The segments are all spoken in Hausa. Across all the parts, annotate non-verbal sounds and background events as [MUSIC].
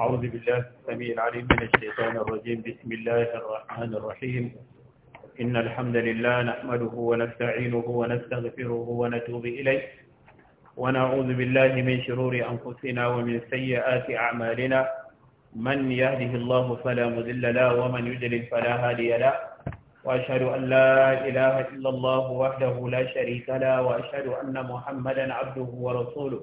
أعوذ بالله السميع العليم من الشيطان الرجيم بسم الله الرحمن الرحيم إن الحمد لله نحمده ونستعينه ونستغفره ونتوب إليه ونعوذ بالله من شرور أنفسنا ومن سيئات أعمالنا من يهده الله فلا مذل له ومن يجلل فلا هادي له وأشهد أن لا إله إلا الله وحده لا شريك له وأشهد أن محمدا عبده ورسوله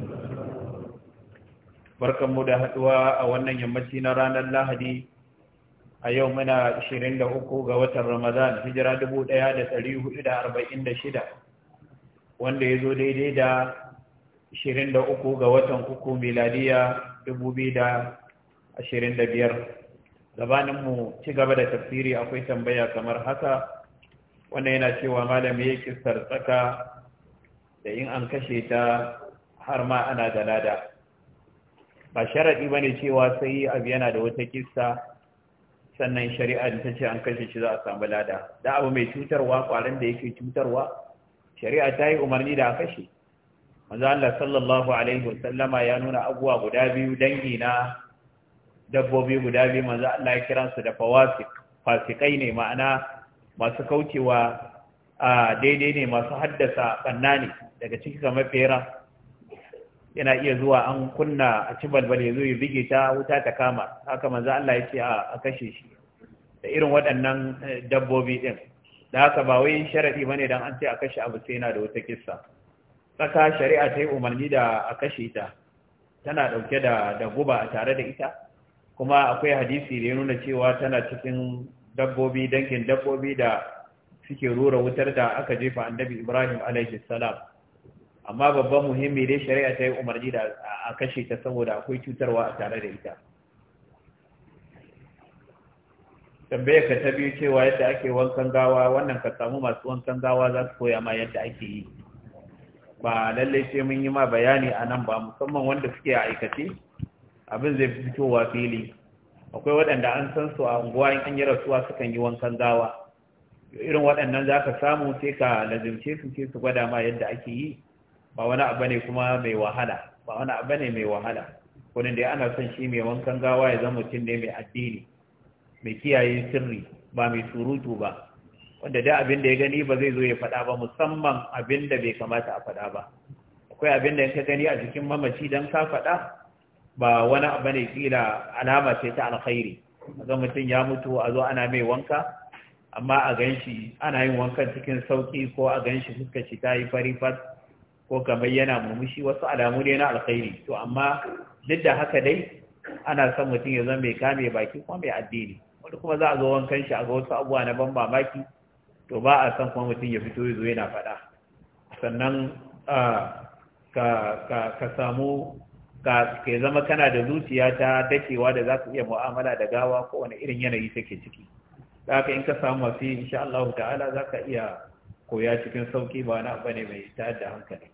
mu da haduwa a wannan yammaci na ranar lahadi a yau muna 23 ga watan ramadan hijira 1446 wanda ya zo daidai da 23 ga watan uku miladiya 2025 gabaninmu ci gaba da tafsiri akwai tambaya kamar haka wannan yana cewa malami ya kistar tsaka da in an kashe ta har ma ana da lada ba sharaɗi ba ne cewa sai abu yana da wata kista sannan shari'a ta ce an kashe shi za a samu lada da abu mai cutarwa ƙwarin da yake cutarwa shari'a ta yi umarni da a kashe manzo Allah sallallahu alaihi wasallama ya nuna abuwa guda biyu dangi na dabbobi guda biyu manzo Allah ya kira su da fawasik fasikai ne ma'ana masu kaucewa a daidai ne masu haddasa kanna ne daga ciki kamar fera yana iya zuwa an kunna a ci balbal ya zo ya bige ta wuta ta kama haka manzo Allah ya ce a kashe shi da irin waɗannan eh, dabbobi din da haka ba wai sharadi bane dan an ce a kashe abu sai yana da wata kissa saka shari'a ta yi umarni da a kashe ta tana dauke da da guba a tare da ita kuma akwai hadisi da ya nuna cewa tana cikin dabbobi dangin dabbobi da suke rura wutar da aka jefa annabi Ibrahim alaihi salam amma babban muhimmi dai shari'a ta yi umarni da a kashe ta saboda akwai cutarwa a tare da ita tambaya ka ta biyu cewa yadda ake wankan gawa wannan ka samu masu wankan gawa za su koya ma yadda ake yi ba lallai sai mun yi ma bayani a nan ba musamman wanda suke a aikace abin zai fitowa fili akwai waɗanda an san su a unguwa in an yi rasuwa sukan yi wankan gawa irin waɗannan za ka samu sai ka lazimce su sai su gwada ma yadda ake yi ba wani abu ne kuma mai wahala ba wani abu ne mai wahala kunin da ana son shi mai wankan gawa ya zama mutum ne mai addini mai kiyaye sirri ba mai surutu ba wanda da abin da ya gani ba zai zo ya faɗa ba musamman abin da bai kamata a faɗa ba akwai abin da ka gani a jikin mamaci dan ka faɗa ba wani abu ne kila alama ce ta alkhairi ga mutum ya mutu a zo ana mai wanka amma a ganshi. ana yin wankan cikin sauki ko a ganshi fuskar shi ta yi fari fat ko kamar yana murmushi wasu alamu ne na alkhairi to amma duk da haka dai ana son mutum ya zama mai kame baki kuma mai addini wanda kuma za a zo wankan shi a ga wasu abubuwa na ban mamaki to ba a son kuma mutum ya fito ya zo yana faɗa sannan ka samu ka ke zama kana da zuciya ta dakewa da za ka iya mu'amala da gawa ko wani irin yanayi take ciki da haka in ka samu masu insha Allah ta'ala za ka iya koya cikin sauki ba na abu ne mai tada da hankali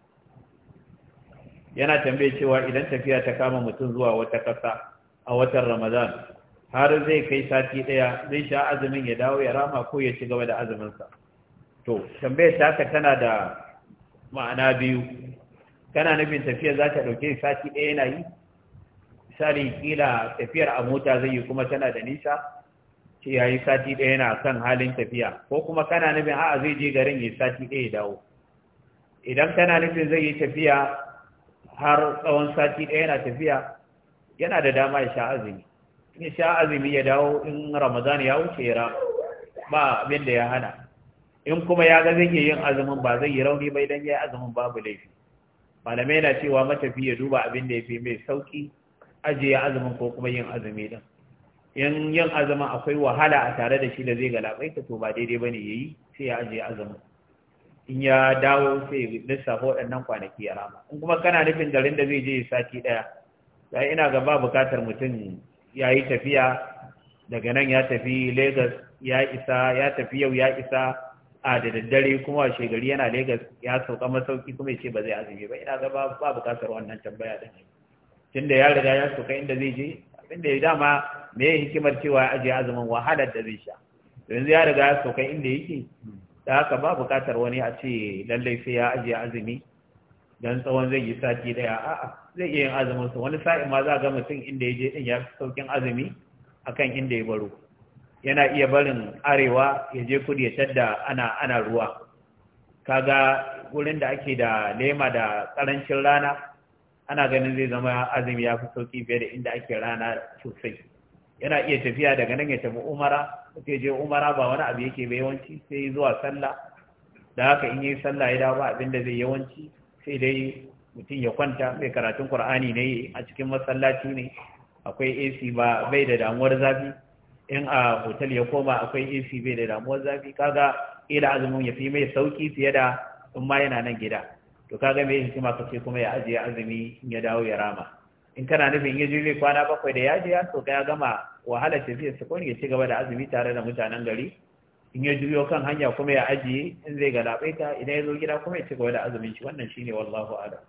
yana tambaye cewa idan tafiya ta kama mutum zuwa wata ƙasa a watan ramadan har zai kai sati ɗaya zai sha azumin ya dawo ya rama ko ya ci gaba da azuminsa to tambayar taka tana da ma'ana biyu kana nufin tafiya za ta ɗauke sati ɗaya yana yi misali kila tafiyar a mota zai yi kuma tana da nisa ce ya yi sati ɗaya yana kan halin tafiya ko kuma kana nufin a'a zai je garin ya sati ɗaya ya dawo idan kana nufin zai yi tafiya har tsawon sati ɗaya yana tafiya yana da dama ya sha azumi in sha azumi ya dawo in ramadan ya wuce ya ba abin da ya hana in kuma ya ga zai yin azumin ba zai yi rauni ba idan ya yi azumin babu laifi malamai na cewa matafi ya duba abin da ya fi mai sauki ajiye azumin ko kuma yin azumi din in yin azumin akwai wahala a tare da shi da zai galabaita to ba daidai bane yi sai ya ajiye azumin in ya dawo sai lissafa waɗannan kwanaki ya rama in kuma kana nufin garin da zai je sati ɗaya ya ina ga ba bukatar mutum ya yi tafiya daga nan ya tafi Legas ya isa ya tafi yau ya isa a da daddare kuma a shegari yana Legas ya sauka masauki kuma ya ce ba zai azumi ba ina ga ba bukatar wannan tambaya tun tunda ya riga ya sauka inda zai je abinda ya dama me hikimar cewa ya ajiye azumin wahalar da zai sha yanzu ya riga ya sauka inda yake da haka ba bukatar wani a ce lallai sai ya ajiye azumi don tsawon zai yi sati daya a'a zai iya yin azumin sa wani sa'in ma za ga mutum inda ya je din ya fi saukin azumi akan inda ya baro yana iya barin arewa ya je kudu ya tadda ana ana ruwa kaga wurin da ake da lema da karancin rana ana ganin zai zama azumi ya fi sauki fiye da inda ake rana sosai yana iya tafiya daga nan ya tafi umara suke je umara ba wani abu yake bai yawanci sai zuwa sallah da haka in yi sallah ya dawo abin da zai yawanci sai dai mutum ya kwanta sai karatun qur'ani ne a cikin masallaci ne akwai AC ba bai da damuwar zafi in a hotel ya koma akwai AC bai da damuwar zafi kaga ila azumin ya fi mai sauki fiye da in ma yana nan gida to kaga mai hikima kace kuma ya ajiye azumi in ya dawo ya rama in kana nufin ya je kwana bakwai da yaji ya soka ya gama wahalar tafiyar sukun ya ci gaba da azumi tare da mutanen gari in ya juyo kan hanya kuma ya ajiye in zai galabe ta idan ya zo gida kuma ya ci gaba da azumin shi wannan shine wallahu a'lam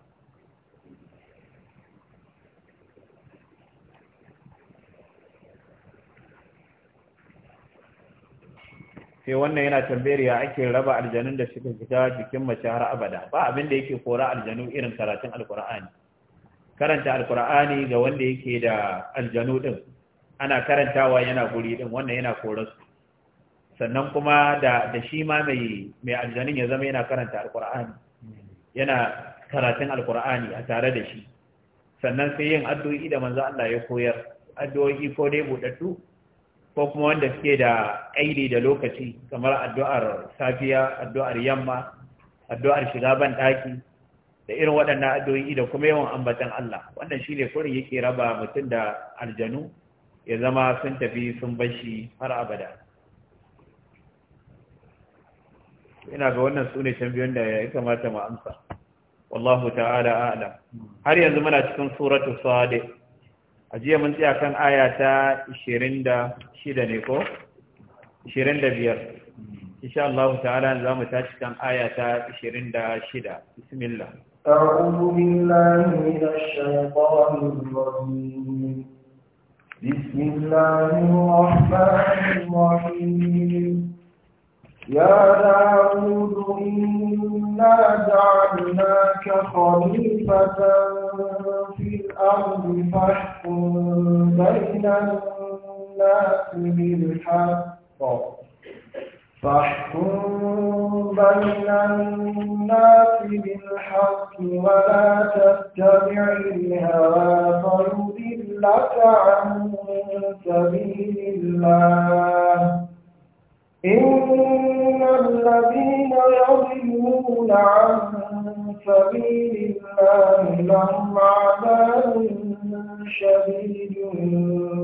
sai wannan yana tambayar ya ake raba aljanun da suka fita jikin mace har abada ba abin da yake kora aljanu irin karatun alkur'ani karanta alkur'ani ga wanda yake da aljanu din ana karantawa yana guri din wannan yana koransu sannan kuma da da shi ma mai mai aljanin ya zama yana karanta alkur'ani yana karatun alkur'ani a tare da shi sannan sai yin addu'o'i da manzo Allah ya koyar addu'o'i ko dai budaddu ko kuma wanda suke da kaidi da lokaci kamar addu'ar safiya addu'ar yamma addu'ar shiga ban daki da irin waɗannan addu'o'i da kuma yawan ambatan Allah wannan shine kurin yake raba mutum da aljanu ya zama sun tafi sun bashi har abada ina ga wannan sune ne tambayoyin da ya kamata mu amsa wallahu ta'ala a'lam har yanzu muna cikin suratul sadiq a jiya mun tsaya kan aya ta 26 ne ko 25 insha Allah ta'ala za mu tashi kan aya ta 26 bismillah أعوذ بالله من الشيطان الرجيم بسم الله الرحمن الرحيم يا داود إنا جعلناك خليفة في الأرض فاحكم بين الناس بالحق فاحكم بين الناس بالحق ولا تتبع الهوى فيضلك عن سبيل الله إن الذين يضلون عن سبيل الله لهم عذاب شهيد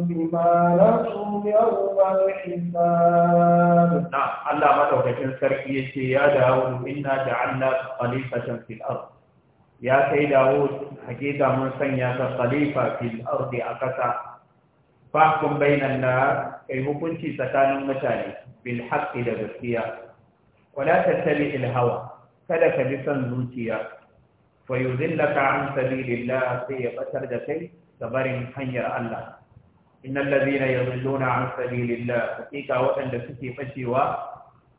بما لكم يوم الحساب نعم الله ما توقفين سرقية يا داود إنا جعلنا خليفة في الأرض يا سيد داود حقيقة من سنيا خليفة في الأرض أقصى فاحكم بين الناس كي هكونتي سكان المتاني بالحق لغسية ولا تتبع الهوى فلك لسن bi son zuciya fa yuzillaka an sabilillah sai gabarin hanyar Allah innal ladina yadhilluna an sabilillah hakika waɗanda suke fashewa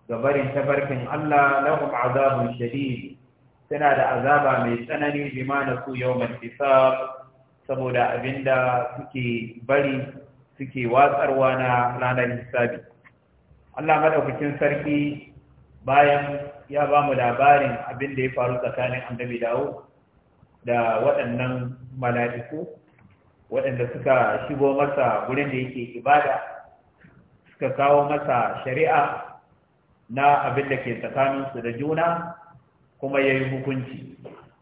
gabarin tabarkin Allah lahum azabun shadid suna da azaba mai tsanani bima su yawmal hisab saboda abinda suke bari suke watsarwa na ranar hisabi Allah madaukakin sarki bayan ya ba mu labarin abin da ya faru tsakanin annabi dawo da waɗannan mala'iku waɗanda suka shigo masa wurin da yake ibada suka kawo masa shari'a na abin da ke tsakaninsu da juna kuma ya yi hukunci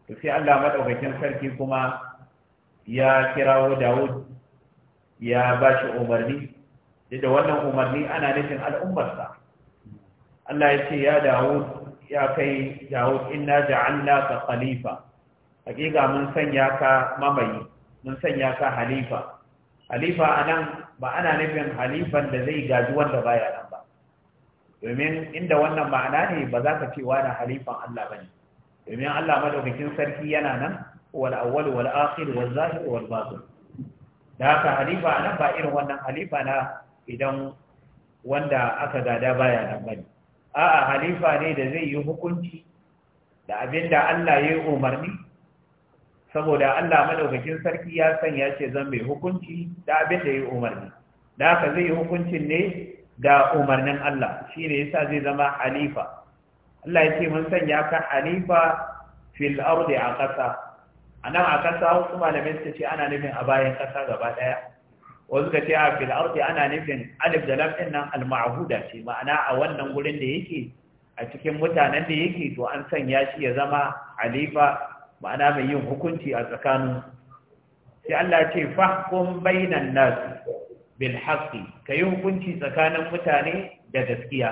to sai Allah maɗaukakin sarki kuma ya kirawo Dawud ya ba shi umarni da wannan umarni ana nufin al'ummarsa Allah ya ce ya Dawud ya kai Dawud inna ja'alna ka khalifa hakika mun sanya ka mamaye. mun sanya ka halifa halifa anan, ba ana nufin halifan da zai gaji wanda baya nan ba domin inda wannan ma'ana ne ba za ka ce wani halifan Allah bane. domin Allah madaukakin sarki yana nan wal awwal wal akhir wal zahir wal batin da ka halifa anan ba irin wannan halifa na idan wanda aka gada baya nan ba ne a'a halifa ne da zai yi hukunci da abinda Allah ya yi umarni saboda Allah madaukakin sarki ya sanya ce zan mai hukunci da abin da ya yi umarni da haka zai yi hukuncin ne da umarnin Allah shi ne yasa zai zama halifa Allah ya ce mun sanya ka halifa fil ardi a ƙasa a nan a ƙasa wasu malamai ce ana nufin a bayan ƙasa gaba ɗaya wasu ka ce a fil ardi ana nufin alif da lam din nan al-ma'huda ce ma'ana a wannan gurin da yake a cikin mutanen da yake to an sanya shi ya zama halifa ma'ana mai yin hukunci a tsakanin sai Allah ce fahkum bainan nas bil haqqi kayi hukunci tsakanin mutane da gaskiya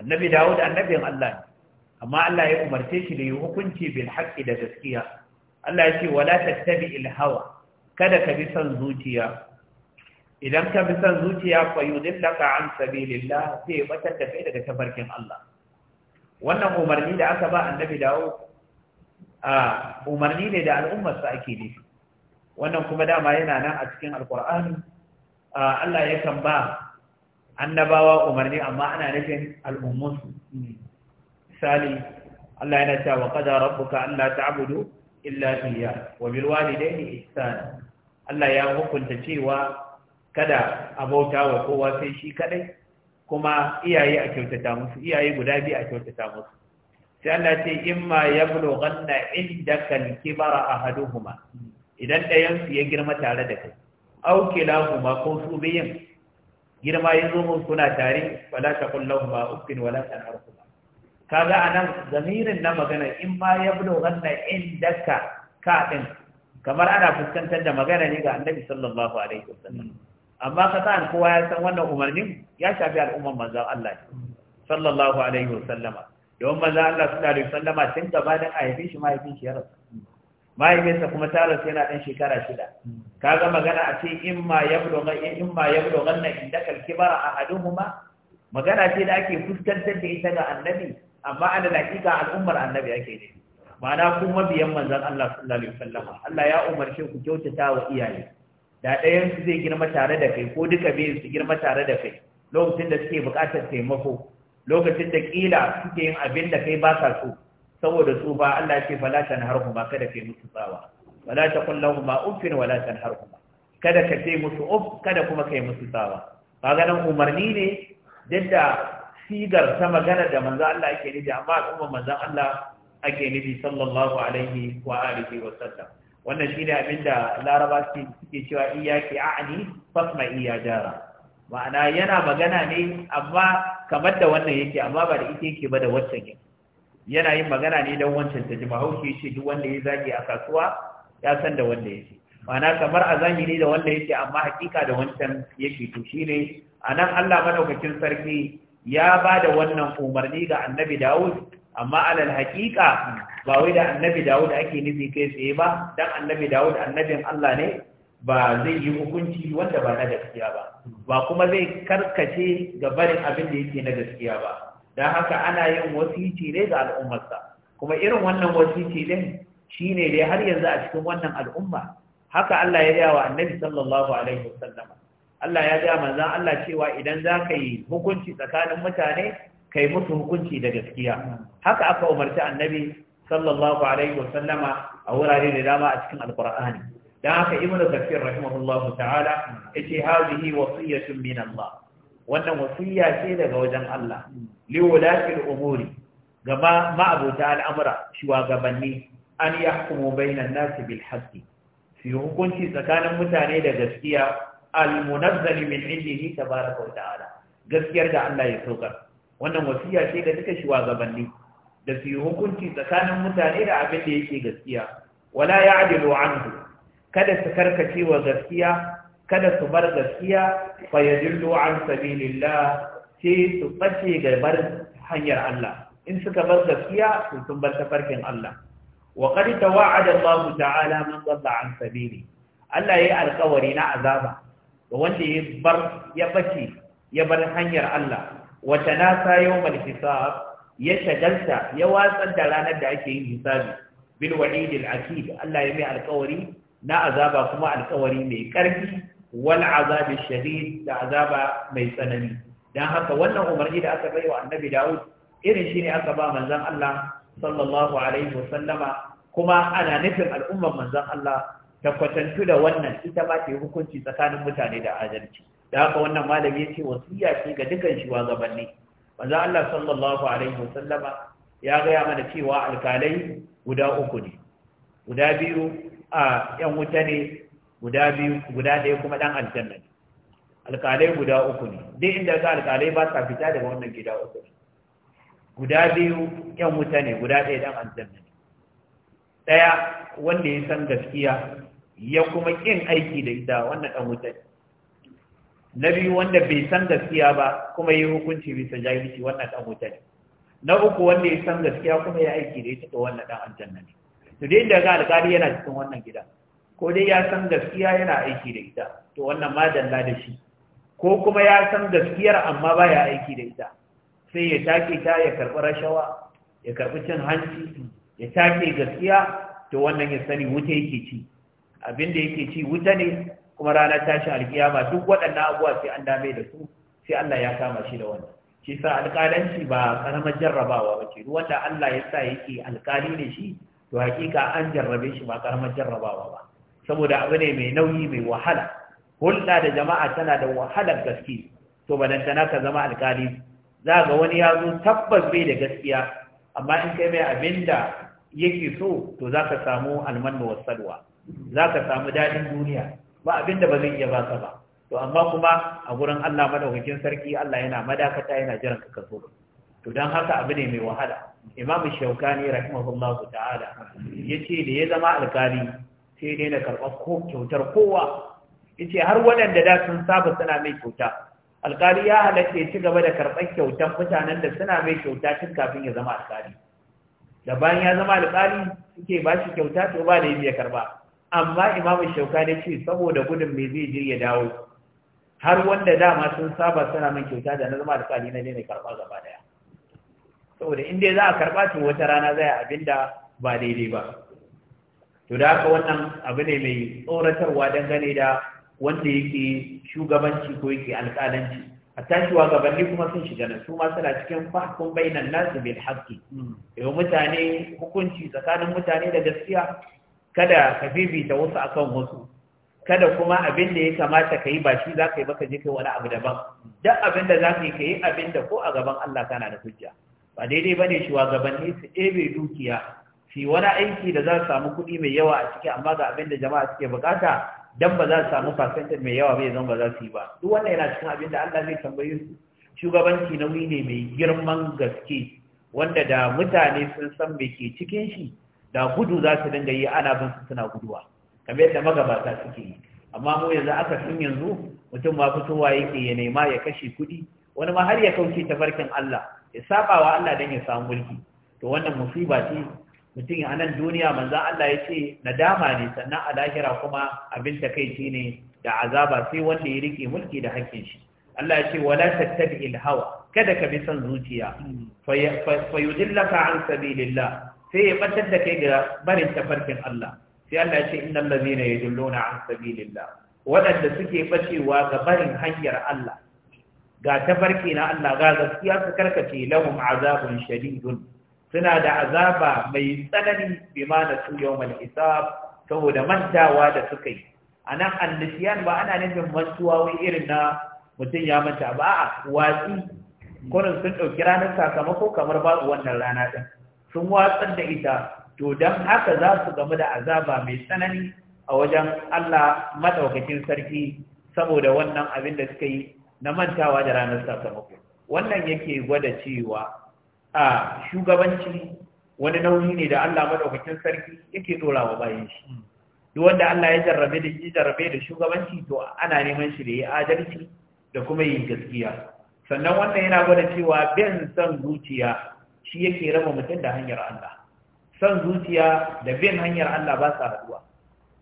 annabi Dawud annabin Allah ne amma Allah ya umarce shi da yi hukunci bil haqqi da gaskiya Allah ya ce wala tattabi il hawa kada ka bi son zuciya idan ka bi son zuciya fa yudillaka an sabilillah sai batar da kai daga tafarkin Allah wannan umarni da aka ba annabi Dawud a umarni ne da al'ummarsa ake nufi wannan kuma dama yana nan a cikin alkur'ani Allah yakan ba annabawa umarni amma ana nufin al'ummunsu misali Allah yana cewa wa qada rabbuka Allah la ta'budu illa iyyah wa bil walidayni ihsana Allah ya hukunta cewa kada a bauta wa kowa sai shi kadai kuma iyaye a kyautata musu iyaye guda biyu a kyautata musu sai Allah ce in ma ya bulughanna indaka al-kibara ahaduhuma idan ɗayan su ya girma tare da kai auki lahuma ko su biyan girma ya zo mun kuna tare wala taqul lahuma uffin wala tanharhuma kaga anan zamirin na magana in ma ya bulughanna indaka ka din kamar ana fuskantar da magana ne ga Annabi sallallahu alaihi wasallam amma ka san kowa ya san wannan umarnin ya shafi al'umman manzon Allah sallallahu alaihi wasallama don maza Allah su da sallama tun gabanin a haife shi mahaifin shi ya rasu sa kuma ta yana dan shekara shida kaga magana a ce in ma yablo in ma yablo ganna indaka alkibara ahaduhuma magana ce da ake fuskantar da ita ga annabi amma ana dakika al'ummar annabi ake ne ma'ana kun mabiyan manzon Allah sallallahu alaihi wasallama Allah ya umarce ku kyautata wa iyaye da ɗayan su zai girma tare da kai ko duka biyu su girma tare da kai lokacin da suke buƙatar taimako lokacin da kila suke yin abin da kai ba sa so saboda su ba Allah ce fala tanharhuma kada kai musu tsawa wala taqul lahum uffin wala tan tanharhuma kada ka ce musu uff kada kuma kai musu tsawa kaga nan umarni ne duk da sigar ta magana da manzo Allah ake nufi amma kuma manzo Allah ake nufi sallallahu alaihi wa alihi wa sallam wannan shine abinda laraba suke cewa iyaki a'ni fasma iya jara ma'ana yana magana ne amma kamar da wannan yake amma ba da ita yake ba da wancan yake yana yin magana ne don wancan ta ji mahaushe ce duk wanda ya zage a kasuwa ya san da wanda yake ma'ana kamar a zahiri da wanda yake amma hakika da wancan yake to shi ne, a nan Allah madaukakin sarki ya ba da wannan umarni ga annabi Dawud amma alal hakika ba wai da annabi Dawud ake nufi kai tsaye ba dan annabi Dawud annabin Allah ne ba zai yi hukunci wanda ba na gaskiya ba ba kuma zai karkace ga barin abin da yake na gaskiya ba don haka ana yin wasici ne ga al'ummarsa kuma irin wannan wasici shi ne dai har yanzu a cikin wannan al'umma haka Allah ya gaya wa annabi sallallahu alaihi wasallam Allah ya gaya manzon Allah cewa idan za ka yi hukunci tsakanin mutane ka yi musu hukunci da gaskiya haka aka umarci annabi sallallahu alaihi wasallama a wurare da dama a cikin alqur'ani da haka ibn kafir rahimahullahu ta'ala yace hadhihi wasiyatun min Allah wannan wasiya ce daga wajen Allah li wulatil umuri gama ma'abuta al'amura shugabanni an yahkumu bainan nasi bil haqqi fi hukunci tsakanin mutane da gaskiya al-munazzal min indihi tabaraka wa ta'ala gaskiyar da Allah ya saukar wannan wasiya ce ga duka shugabanni da su hukunci tsakanin mutane da abin da yake gaskiya wala ya'dilu anhu kada su karkace wa gaskiya kada su bar gaskiya fa yadillu an sabilillah sai su bace ga bar hanyar Allah in suka bar gaskiya su sun bar tafarkin Allah wa qad tawa'ada Allah ta'ala man dhalla an sabili Allah yayi alƙawari na azaba ga wanda ya bar ya bace ya bar hanyar Allah wa tanasa yawmal hisab ya shagalta ya watsar da ranar da ake yin hisabi bil wa'idil akid Allah ya mai alƙawari na azaba kuma alkawari mai ƙarfi wal azabi shadid da azaba mai tsanani dan haka wannan umarni da aka bai wa annabi Dawud irin shine aka ba manzon Allah sallallahu alaihi wasallama kuma ana nufin al'ummar manzon Allah ta kwatantu da wannan ita ma ke hukunci tsakanin mutane da adalci da haka wannan malami yace wasiya ce ga dukan shugabanni manzon Allah sallallahu alaihi wasallama ya ga mana cewa alkalai guda uku ne guda biyu a yan wuta ne guda biyu guda ɗaya kuma ɗan aljanna ne alƙalai guda uku ne duk inda ga alƙalai ba sa fita daga wannan gida uku ne guda biyu yan wuta ne guda ɗaya ɗan aljanna ne ɗaya wanda ya san gaskiya ya kuma ƙin aiki da ita wannan ɗan wuta ne na biyu wanda bai san gaskiya ba kuma yi hukunci bisa jahilci wannan ɗan wuta ne na uku wanda ya san gaskiya kuma ya aiki da ita ta wannan ɗan aljanna ne to dai inda alƙali yana cikin wannan gida ko dai ya san gaskiya yana aiki da ita to wannan ma dalla da shi ko kuma ya san gaskiyar amma ba ya aiki da ita sai ya take ta ya karɓi rashawa ya karɓi cin hanci ya take gaskiya to wannan ya sani wuta yake ci abinda yake ci wuta ne kuma ranar tashi alƙiyama duk waɗannan abubuwa sai an dame da su sai Allah ya kama shi da wannan shi sa alƙalanci ba karamar jarrabawa ba ce wanda Allah ya sa yake alƙali ne shi to hakika an jarrabe shi ba karamar jarrabawa ba saboda abu ne mai nauyi mai wahala hulɗa da jama'a tana da wahalar gaske to balantana ka zama alkali za ga wani ya zo tabbas bai da gaskiya amma in kai mai abin da yake so to za ka samu alman wasalwa za ka samu daɗin duniya ba abin da ba zai iya baka ba to amma kuma a gurin Allah madaukakin sarki Allah yana madakata yana jiran ka ka zo to don haka abu ne mai wahala imamu shaukani rahimahullahu ta'ala yace ce da ya zama alkali sai dai na karɓar ko kyautar kowa yace har waɗanda da sun saba suna mai kyauta alkali ya halatta ya ci gaba da karɓar kyautar mutanen da suna mai kyauta tun kafin ya zama alkali da bayan ya zama alkali suke ba shi kyauta to ba da ya karba amma imamu shaukani ce saboda gudun me zai ji ya dawo har wanda dama sun saba suna mai kyauta da na zama alkali na ne karɓa gaba daya saboda inda za a karɓa tun wata rana zai abin da ba daidai ba to da haka wannan abu ne mai tsoratarwa dangane da wanda yake shugabanci ko yake alƙalanci a tashi gabanni kuma sun shiga na su ma suna cikin fahkun bainan nasu bil haƙƙi yau mutane hukunci tsakanin mutane da gaskiya kada ka bibita wasu akan wasu kada kuma abin da ya kamata ka yi ba shi za ka yi baka je kai wani abu daban duk abin da za ka yi ka yi abin da ko a gaban Allah kana da hujja ba daidai ba ne shugabanni su ebe dukiya fi wani aiki da za su samu kuɗi mai yawa a ciki amma ga abin da jama'a suke bukata dan ba za su samu fasentin mai yawa bai zan ba za su yi ba duk wannan yana cikin abin da Allah zai tambaye su shugabanci nauyi ne mai girman gaske wanda da mutane sun san me ke cikin shi da gudu za su dinga yi ana bin su suna guduwa kamar yadda magabata suke yi amma mu yanzu aka sun yanzu mutum ma fitowa yake ya nema ya kashe kuɗi wani ma har ya kauce tafarkin Allah ya saba wa Allah dan ya samu mulki to wannan musiba ce mutum a nan duniya manzon Allah ya ce nadama ne sannan a lahira kuma abin takeici ne da azaba sai wanda ya rike mulki da hakkin shi Allah ya ce wala tattabi'il hawa kada ka bi son zuciya fa yudillaka an sabilillah sai ya batar da kai ga barin tafarkin Allah sai Allah ya ce innal ladhina yadulluna an sabilillah wadanda suke bacewa ga barin hanyar Allah ga tafarki na Allah ga gaskiya su karkace lahum azabun shadidun suna da azaba mai tsanani bima na su yawmal hisab saboda mantawa da suka yi a nan ba ana nufin mantuwa wai irin na mutum ya manta ba a watsi kurin sun ɗauki ranar sakamako kamar babu wannan rana ɗin sun watsar da ita to don haka za su gamu da azaba mai tsanani a wajen Allah madaukakin sarki saboda wannan abin da suka yi na mantawa da ranar sakamako wannan yake gwada cewa a shugabanci wani nauyi ne da Allah madaukakin sarki yake dora wa bayan shi duk wanda Allah ya jarrabe da shi jarrabe da shugabanci to ana neman shi da yi adalci da kuma yin gaskiya sannan wannan yana gwada cewa bin son zuciya shi yake raba mutum da hanyar Allah san zuciya da bin hanyar Allah ba sa haduwa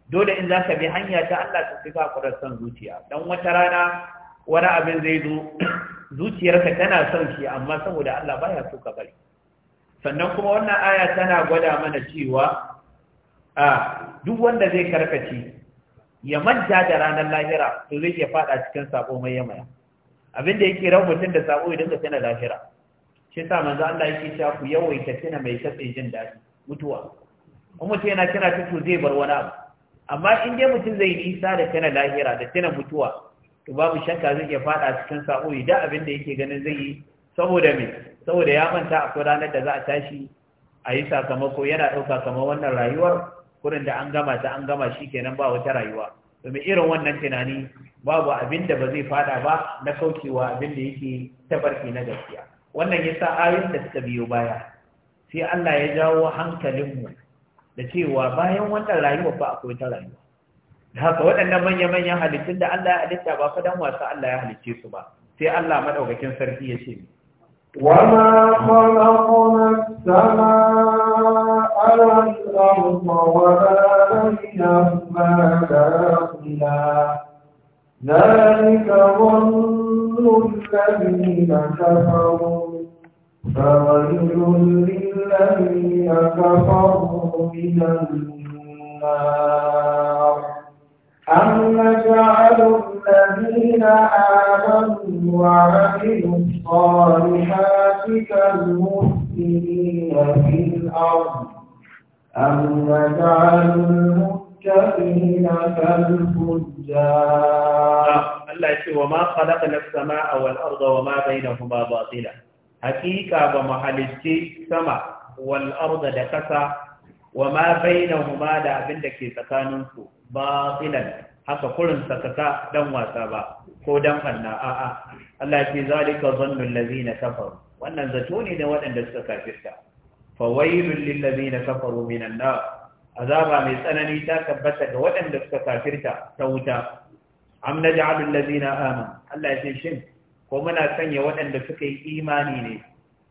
dole in za ka bi hanya ta Allah ta fi ka son zuciya dan wata rana wani abin zai zo [CLEARS THROAT] zuciyarka tana son shi amma saboda Allah baya so ka bari sannan kuma wannan aya tana gwada mana cewa a duk wanda zai karkace ya manta da ranar lahira to zai iya fada cikin sako mai yamma, abin da yake ran mutum da sako idan ka tana lahira shi sa manzo Allah yake cewa ku yawaita tana mai katse jin daɗi mutuwa Kuma mutum yana tana tutu zai bar wani abu amma in dai mutum zai isa da tana lahira da tana mutuwa to babu shakka zai iya fada cikin sabo da abin da yake ganin zai yi saboda me saboda ya manta akwai ranar da za a tashi a yi sakamako yana ɗauka kamar wannan rayuwar kurin da an gama ta an gama shi kenan ba wata rayuwa domin irin wannan tunani babu abin da ba zai fada ba na kaucewa abin da yake tabarki na gaskiya wannan ya sa ayin da suka biyo baya sai Allah ya jawo hankalinmu da cewa bayan wannan rayuwar ba akwai ta rayuwa da haka waɗannan manya-manyan halittun da Allah ya halitta ba fadan wasa Allah ya halicce su ba sai Allah maɗaukakin sarki ya ce وما Na yi والأرض ولا na باطلا ذلك ظن الذين كفروا فويل للذين كفروا من النار أم نجعل الذين آمنوا وعملوا الصالحات كالمفسدين في الأرض أم نجعل المتقين كالفجار الله يقول وما خلقنا السماء والأرض وما بينهما باطلا حقيقة بمحلتي السماء والأرض دكسا وما بينهما لا أبن دكي سكانكم batilan haka kurin sakaka dan wasa ba ko dan fanna a'a Allah ya ce zalika zannul ladina kafaru wannan zato ne da waɗanda suka kafirta fawailul lil ladina kafaru minan nar azaba mai tsanani ta tabbata ga waɗanda suka kafirta ta wuta am naj'alul ladina amanu Allah ya ce shin ko muna sanya waɗanda suka yi imani ne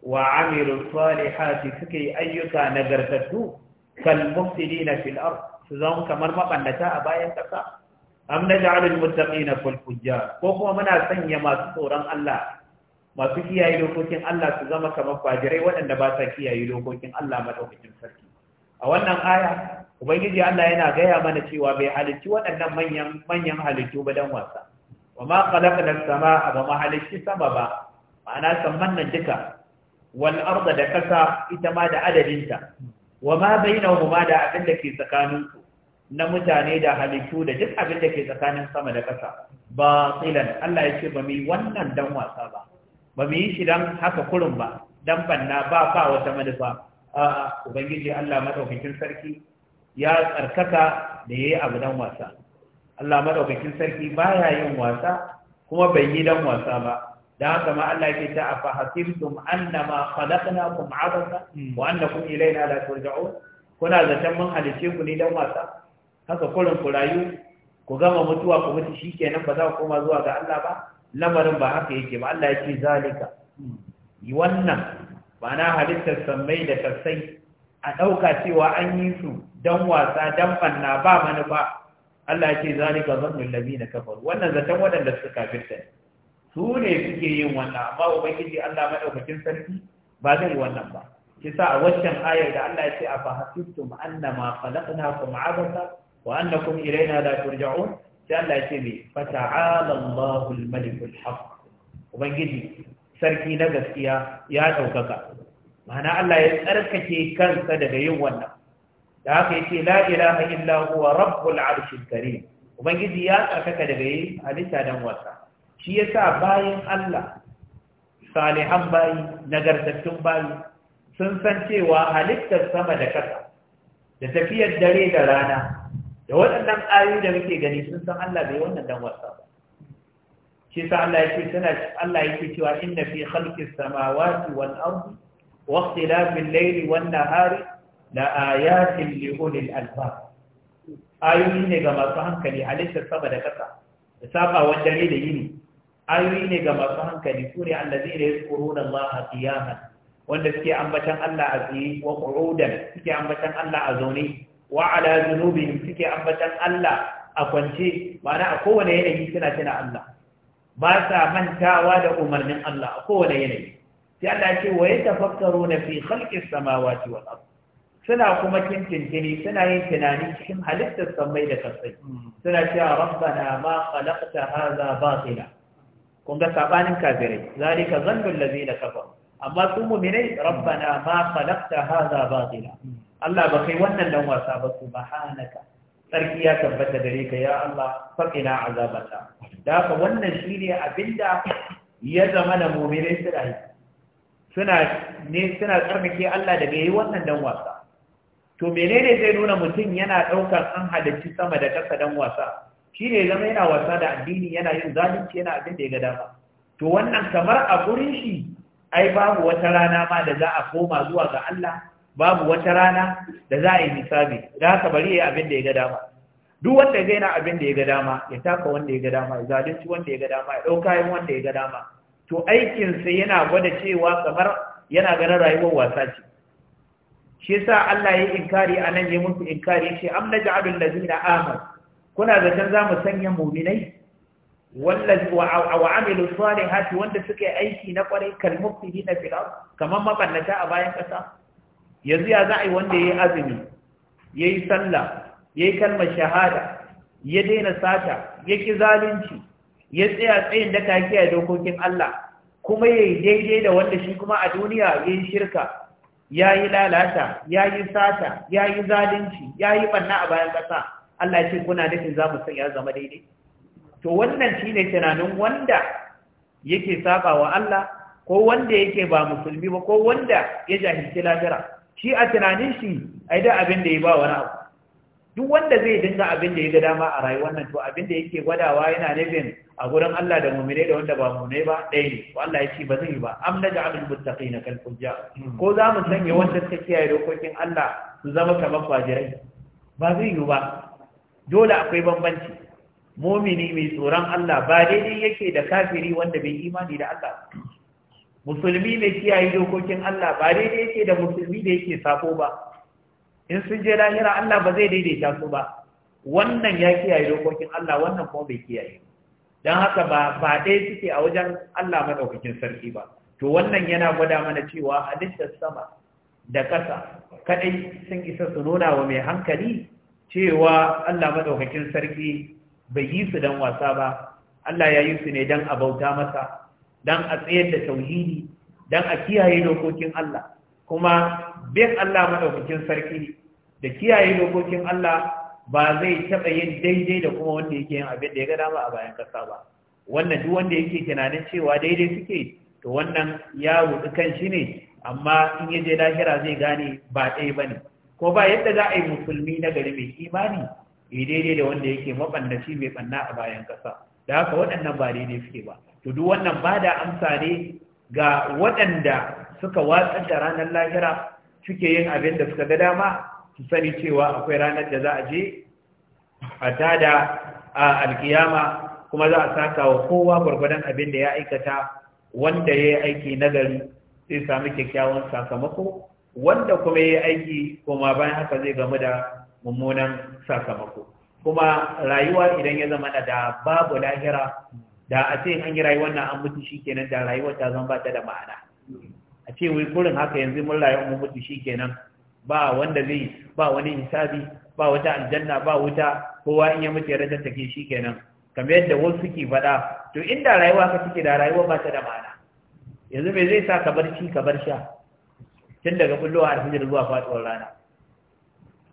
wa amilu salihati suka yi ayyuka nagartattu kal mufsidina fil ard su zama kamar mabandata a bayan ƙasa am naj'alul muttaqina fil fujjar ko kuma muna sanya masu tsoron Allah masu kiyaye dokokin Allah su zama kamar fajirai waɗanda ba sa kiyaye dokokin Allah madaukakin sarki a wannan aya ubangiji Allah yana gaya mana cewa bai halicci waɗannan manyan manyan halittu ba dan wasa wa ma khalaqna samaa ba ma halicci sama ba ma'ana samman nan duka wal arda da kasa ita ma da adadinta wa ma bainahuma da abin da ke tsakaninku. na mutane da halittu da duk abin da ke tsakanin sama da ƙasa ba tsilan Allah ya ce ba mu yi wannan dan wasa ba ba mu yi shi dan haka kurun ba dan banna ba ba wata manufa a ubangiji Allah madaukakin sarki ya tsarkaka da yayi abu dan wasa Allah madaukakin sarki baya yin wasa kuma bai yi dan wasa ba dan haka ma Allah yake ta afa hasibtum annama khalaqnakum abasa wa annakum ilaina la turja'un kuna zaton mun halice ku ne dan wasa haka kurin kurayu ku gama mutuwa ku mutu shi kenan ba za ku koma zuwa ga Allah ba lamarin ba haka yake ba Allah ya ce zalika yi wannan na halittar sammai da kasai a ɗauka cewa an yi su don wasa don banna ba mani ba. Allah ya ce zalika zannul na kafaru wannan zaton waɗanda suka kafirta su ne suke yin wannan amma ubangiji Allah maɗaukakin sarki ba zai wannan ba kisa a wancan ayar da Allah ya ce a fahasibtum annama khalaqnakum abasa wa annakum ilaina la turja'un sai Allah ya ce me fata'ala Allahu al ubangiji sarki na gaskiya ya ɗaukaka, ma'ana Allah ya tsarkake kansa da yin wannan da haka yace la ilaha illa huwa rabbul arshil karim ubangiji ya tsarkaka daga yin halitta dan wasa shi yasa bayan Allah salihan bayi nagartattun bayi sun san cewa halittar sama da kasa da tafiyar dare da rana da waɗannan ayoyi da muke gani sun san Allah bai wannan dan wasa ba shi sa Allah yake tana Allah yake cewa inna fi khalqis samawati wal ardi wa ikhtilafil layli wan nahari la ayatin li ulil albab ayoyi ne ga masu hankali halittar saba da ƙasa da sabawan dare da yini ayoyi ne ga masu hankali su ne allazi ne ya tsoro na Allah a wanda suke ambatan Allah a tsaye wa ƙurudan suke ambatan Allah a zaune wa ala zunubihim suke ambatan Allah a kwance ma'ana a kowane yanayi suna tuna Allah ba sa mantawa da umarnin Allah a kowane yanayi sai Allah ce wa na fi khalqis samawati wal ard suna kuma tintintini suna yin tunani cikin halittar samai da kasai suna cewa rabbana ma khalaqta hadha batila kun ga sabanin kafirai zalika zannul ladina kafaru amma su mu'minai rabbana ma khalaqta hadha batila Allah ba kai wannan dan wasa ba subhanaka sarki ya tabbata gare ka ya Allah faqina azabata da ka wannan shine abinda ya zama na mu'minai suna suna ne suna tsarkake Allah da bai yi wannan dan wasa to menene zai nuna mutum yana daukar an halarci sama da kasa dan wasa shine zama yana wasa da addini yana yin zalunci yana abin da ya gada ba to wannan kamar a gurin shi ai babu wata rana ma da za a koma zuwa ga Allah babu wata rana da za a yi hisabi da haka bari ya abin da ya ga dama duk wanda zai na abin da ya ga dama ya taka wanda ya ga dama ya zalunci wanda ya ga dama ya ɗauka yin wanda ya ga dama to aikinsa yana gwada cewa kamar yana ganin rayuwar wasa ce shi yasa Allah ya yi inkari nan ya musu inkari shi am naj'alul ladina amanu kuna zaton za mu sanya mu'minai wallazi wa amilu salihati wanda suka yi aiki na kwarai kalmukti na fil kamar mabannata a bayan kasa yanzu ya za a yi wanda ya yi azumi ya yi sallah ya yi kalmar shahada ya daina sata ya ki zalunci ya tsaya tsayin da ka kiyaye dokokin Allah kuma ya yi daidai da wanda shi kuma a duniya ya yi shirka ya yi lalata ya yi sata ya yi zalunci ya yi banna a bayan ƙasa Allah ce kuna nufin za mu san ya zama daidai to wannan shi ne tunanin wanda yake saba Allah ko wanda yake ba musulmi ba ko wanda ya jahilci lafira shi a tunanin shi ai da abin da ya ba wani abu duk wanda zai dinga abin da ya ga dama a rayuwar nan to abin da yake gwadawa yana nufin a gurin Allah da mu'mine da wanda ba mu'mine ba ɗaya ne Ko Allah ya ce ba zai ba am naj'alul na kal fujja hmm. ko za mu sanya wanda ta kiyaye dokokin Allah su zama kamar fajirai ba zai yi ba dole akwai bambanci mumini mai tsoron Allah ba daidai yake da kafiri wanda bai imani da Allah musulmi mai kiyaye dokokin Allah ba daidai yake da musulmi da yake sako ba in sun je lahira Allah ba zai daidaita su ba wannan ya kiyaye dokokin Allah wannan kuma bai kiyaye don haka ba ba dai suke a wajen Allah madaukakin sarki ba to wannan yana gwada mana cewa halittar sama da ƙasa kaɗai sun isa su nuna wa mai hankali cewa Allah madaukakin sarki bai yi su dan wasa ba Allah ya yi su ne dan abauta masa dan a tsayar da tauhidi dan a kiyaye dokokin Allah kuma bin Allah madaukakin sarki da kiyaye dokokin Allah ba zai taɓa yin daidai da kuma wanda yake yin abin da ya gada ba a bayan ƙasa ba wannan duk wanda yake tunanin cewa daidai suke to wannan ya rudu kan shi ne amma in ya je lahira zai gane ba ɗaya ba ne ko ba yadda za a yi musulmi na gari mai imani ya daidai da wanda yake maɓannaci mai ɓanna a bayan ƙasa da haka waɗannan ba daidai suke ba to duk wannan ba da amsa ne ga waɗanda suka watsar da ranar lahira suke yin abin da suka ga dama su sani cewa akwai ranar da za a je a tada a alkiyama kuma za a saka wa kowa gwargwadon abin da ya aikata wanda ya yi aiki nagari zai sami kyakkyawan sakamako wanda kuma ya yi aiki kuma bayan haka zai gamu da mummunan sakamako kuma rayuwa idan ya zama da babu lahira da a ce an yi rayuwar nan an mutu shi kenan da rayuwar ta zan ba da ma'ana a ce wai kurin haka yanzu mun rayu mun mutu shi kenan ba wanda zai ba wani hisabi ba wata aljanna ba wuta kowa in ya mutu ya rasa take shi kenan kamar yadda wasu suke faɗa to inda rayuwa ka take da rayuwar bata da ma'ana yanzu me zai sa ka barci ka bar sha tun daga a alfijir zuwa faɗuwar rana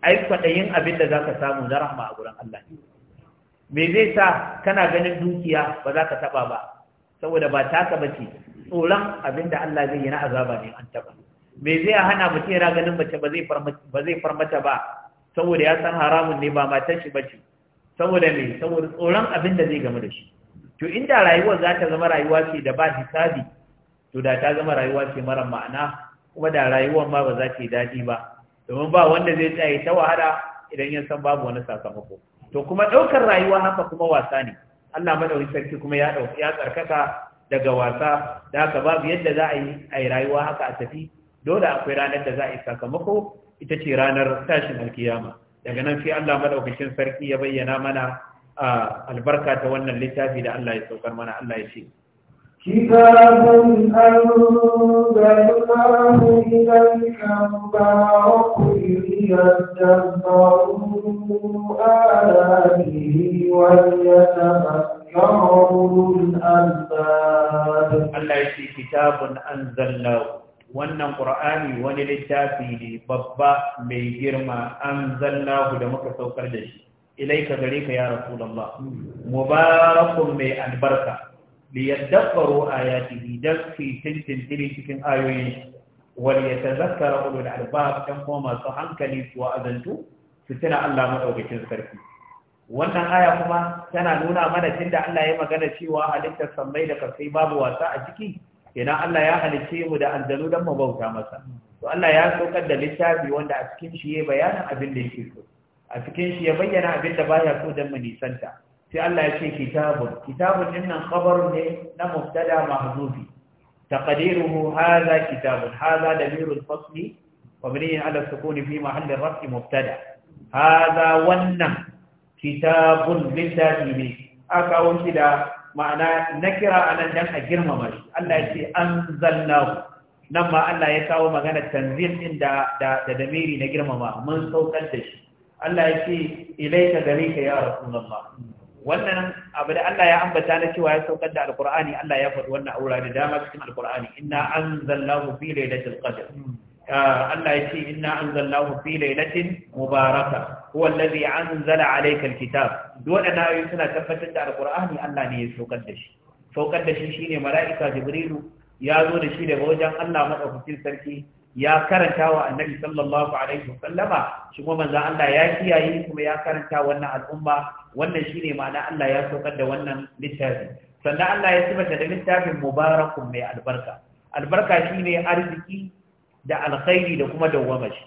ai kwaɗayin abin da za ka samu na rahama a gurin Allah me zai sa kana ganin dukiya ba za ka taba ba saboda ba taka bace tsoron abinda Allah zai yi na azaba ne an taba me zai hana mutum yana ganin mace ba zai ba zai farmata ba saboda ya san haramun ne ba matar shi bace saboda me saboda tsoron abinda zai gamu da shi to inda rayuwa za ta zama rayuwa ce da ba hisabi to da ta zama rayuwa ce mara ma'ana kuma da rayuwar ma ba za ta yi daɗi ba domin ba wanda zai tsaye ta wahala idan ya san babu wani sakamako to kuma ɗaukar rayuwa haka kuma wasa ne Allah madawin sarki kuma ya ɗauki ya tsarkaka daga wasa da haka babu yadda za a yi rayuwa haka a tafi dole akwai ranar da za a yi sakamako ita ce ranar tashin alkiyama daga nan sai Allah madaukakin sarki ya bayyana mana ah, albarka ta wannan littafi da Allah ya saukar mana Allah ya ce كتاب أنزلناه إليك مبارك ليدبروا آياته وليتفكروا الألباب. الله يشفي كتاب أنزلناه wannan ƙur'ani wani littafi ne babba mai girma an zalla da muka saukar da shi ilaika gare ka ya rasulullah mubarakun mai albarka ليدبروا آياته دل cikin تنتن تلي تكن آيوين وليتذكر أولو kuma masu hankali صحن كليس وأذنتو ستنا الله مدعوك sarki. wannan aya kuma tana nuna mana tunda Allah ya magana cewa halitta sammai da kasai babu wasa a ciki ina Allah ya halice mu da anzalu don mu bauta masa to Allah ya saukar da littafi wanda a cikin shi ya bayanin abin da yake so a cikin shi ya bayyana abin da baya so don mu nisanta sai Allah ya ce kitabun kitabun din nan khabar ne na mubtada mahzufi taqdiruhu hadha kitabun hadha damirul fasli mabni ala sukuni fi mahalli rafi mubtada hadha wannan kitabun littafi ne aka wuce da ma'ana nakira anan dan a girmama shi Allah ya ce anzalnahu nan ma Allah ya kawo magana tanzil din da da damiri na girmama mun saukar da shi Allah ya ce ilaika gare ka ya rasulullah wannan abu da Allah ya ambata na cewa ya saukar da alkur'ani Allah ya faɗi wannan aura da dama cikin alkur'ani inna anzalnahu fi lailatul qadr Allah ya ce inna anzalnahu fi lailatin mubaraka huwa allazi anzala alayka alkitab duk wadannan ayoyi suna tabbatar da alkur'ani Allah ne ya saukar da shi saukar da shi shine mala'ika jibrilu ya zo da shi daga wajen Allah madaukakin sarki ya karanta wa annabi sallallahu alaihi wasallama shi kuma manzon Allah ya kiyaye kuma ya karanta wannan al'umma wannan shine ma'ana Allah ya saukar da wannan littafi sannan Allah ya sifata da littafin mubarakun mai albarka albarka shine arziki da alkhairi da kuma dawwama shi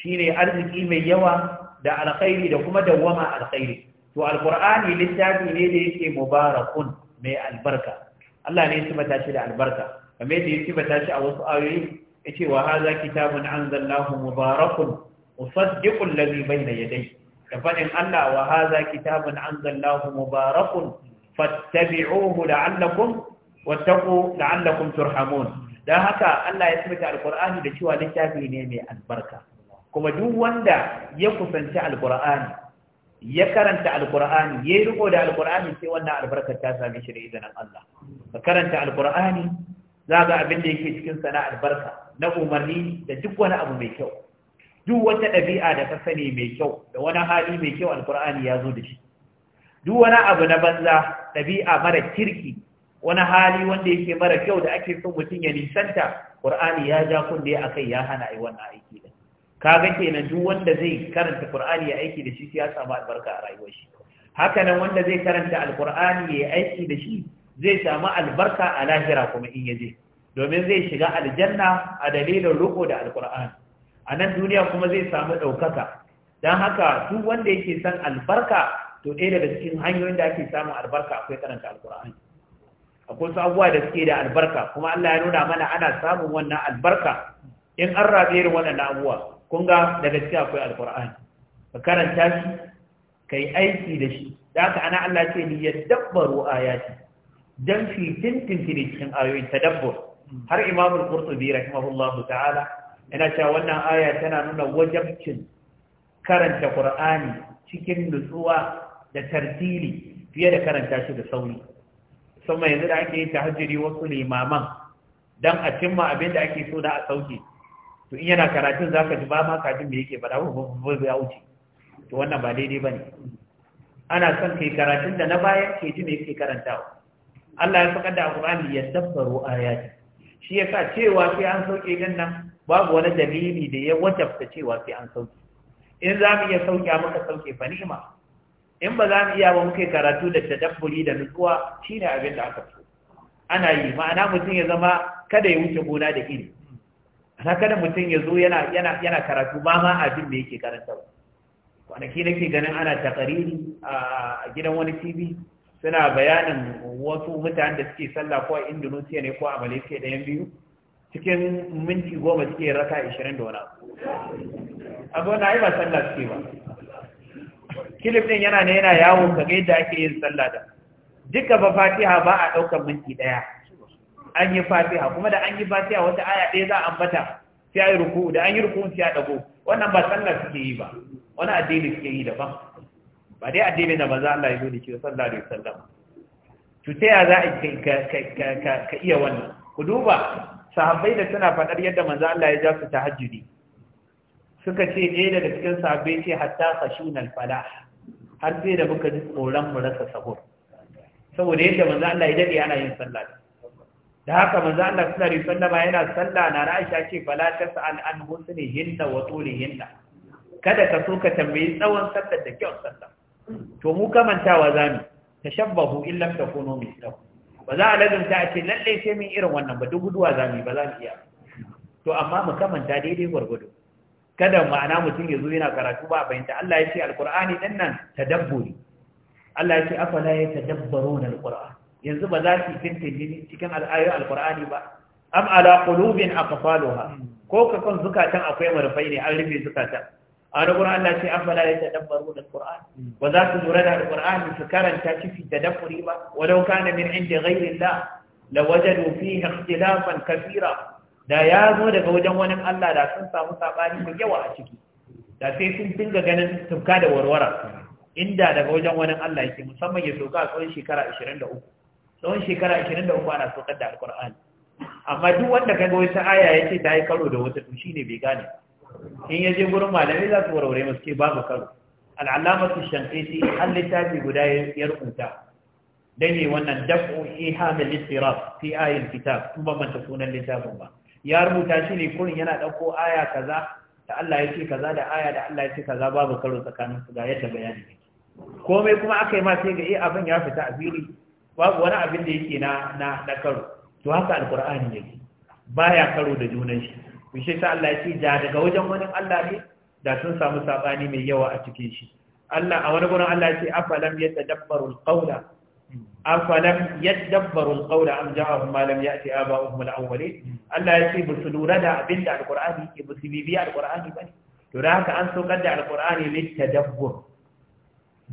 shine arziki mai yawa da alkhairi da kuma dawwama alkhairi to alqur'ani littafi ne da yake mubarakun mai albarka Allah ne ya sifata shi da albarka kamar yadda ya sifata shi a wasu ayoyi yace wa hadha kitabun anzalallahu mubarakun musaddiqul ladhi bayna yadayhi da fadin Allah wa hadha kitabun anzalallahu mubarakun fattabi'uhu la'allakum wattaqu la'allakum turhamun dan haka Allah ya tsaya alqur'ani da cewa littafi ne mai albarka kuma duk wanda ya kusanci alqur'ani ya karanta alkur'ani ya yi riko da alkur'ani sai wannan albarkar ta sami shi da izinin Allah ka karanta alkur'ani za ga abin da yake cikin na albarka na umarni da duk wani abu mai kyau duk wata ɗabi'a da ta sani mai kyau da wani hali mai kyau alkur'ani ya zo da shi duk wani abu na banza ɗabi'a mara kirki wani hali wanda yake mara kyau da ake son mutum ya nisanta ƙur'ani ya ja kunne a kai ya hana a yi wannan aiki da kaga kenan duk wanda zai karanta ƙur'ani ya aiki da shi ya samu albarka a rayuwar shi haka nan wanda zai karanta alƙur'ani ya aiki da shi zai samu albarka a lahira kuma in ya je domin zai shiga aljanna a dalilin roƙo da alƙur'ani a nan duniya kuma zai samu ɗaukaka don haka duk wanda yake son albarka to ɗaya daga cikin hanyoyin da ake samun albarka akwai karanta alƙur'ani akwai su abubuwa da suke da albarka kuma Allah ya nuna mana ana samun wannan albarka in an rabe irin waɗannan abubuwa kun ga daga cikin akwai alƙur'ani ka karanta shi ka yi aiki da shi da haka ana Allah ce ni ya a ayati dan fitin tintin cikin ayoyin tadabbur har Imam al rahimahullahu ta'ala yana cewa wannan aya tana nuna wajabcin karanta Qur'ani cikin nutsuwa da tartili fiye da karanta shi da sauri sama yanzu da ake yin tahajjudi wasu limaman dan a cimma abin da ake so da a sauke to in yana karatun zaka ji ba ma ji me yake ba, da ba ya wuce to wannan ba daidai bane ana son kai karatun da na baya ke ji me yake karantawa Allah ya faɗa da Qur'ani ya tabbaro ayati shi yasa cewa sai an sauke din nan babu wani dalili da ya wajabta cewa sai an sauke in za mu iya sauke muka sauke fa ni'ima in ba za mu iya ba muke karatu da tadabburi da nutsuwa shine abin da aka so ana yi ma'ana mutum ya zama kada ya wuce gona da iri ana kada mutum ya zo yana yana yana karatu ba ma abin da yake karanta kwanaki nake ganin ana takariri a gidan wani tv suna bayanin wasu mutanen da suke sallah ko a indonesia ne ko a malaysia ɗayan biyu cikin minti goma suke raka 20 da wani abu na yi ba sallah suke ba kilif ɗin yana ne yana yawon kaga yadda ake yin sallah da duka ba fatiha ba a ɗaukar minti ɗaya an yi fatiha kuma da an yi fatiha wata aya ɗaya za a ambata sai a yi ruku da an yi ruku sai a ɗago wannan ba sallah suke yi ba wani addini suke yi daban ba dai addinin da manzo Allah ya zo da shi sallar da ya to Cuta ya za a ka iya wannan ku duba sahabbai da suna faɗar yadda manzo Allah ya ja su tahajjudi suka ce ne daga cikin sahabbai ce hatta shunan falah har sai da muka ji tsoron mu rasa sahur saboda yadda manzo Allah ya dade ana yin sallah da haka manzo Allah sallallahu alaihi wasallam yana sallah na Aisha ce fala tas'al an husnihinna wa tulihinna kada ka so ka tambayi tsawon sallar da kyau sallar to mu kamantawa zamu tashabbahu in takunu mislahu ba za a lazanta a ce lalle sai mun irin wannan ba duk guduwa zamu ba za mu iya to amma mu kamanta daidai gwargwado kada ma'ana mutum ya zo yana karatu ba fahimta Allah ya ce alqur'ani din nan tadabburi Allah ya ce afala ya tadabbaruna alqur'an yanzu ba za su tintini cikin al'ayoyin alqur'ani ba am ala qulubin aqfaluha ko ka kan zukatan akwai marfai ne an rufe zukatan a wani wurin Allah sai an fala ya tadabbaru da Qur'an ba za su lura da Qur'an su karanta shi fi tadabburi ba walau kana min inda da wajen fihi ikhtilafan kafira. da ya zo daga wajen wani Allah da sun samu sabani mai yawa a ciki da sai sun dinga ganin tufka da warwara inda daga wajen wani Allah yake musamman ya soka tsohon shekara 23 Tsohon shekara 23 ana sokar da alkur'ani amma duk wanda ka kaga wata aya ce ta yi karo da wata to shine bai gane in ya je gurin malami za su warware masu ke babu karo al'alamatu shankisi an littafi guda ya rubuta dan yi wannan daf'u ihamil littiraf fi ayatil kitab tun ba manta sunan littafin ba ya rubuta shi ne kurin yana ɗauko aya kaza da Allah ya ce kaza da aya da Allah ya ce kaza babu karo tsakanin su ga yadda bayani ne komai kuma aka yi ma sai ga eh abin ya fita a fili babu wani abin da yake na na karo to haka alkur'ani yake baya karo da junan shi bishe ta Allah ce da daga wajen wani Allah ne da sun samu sabani mai yawa a cikin shi Allah a wani gurin Allah ya ce afalam yatadabbaru alqawla afalam yadabbaru alqawla am ja'ahum ma lam ya'ti aba'uhum alawwalin Allah ya ce musu lura da abinda alqur'ani ke musu bibiya alqur'ani bane to da haka an saukar da alqur'ani littadabbur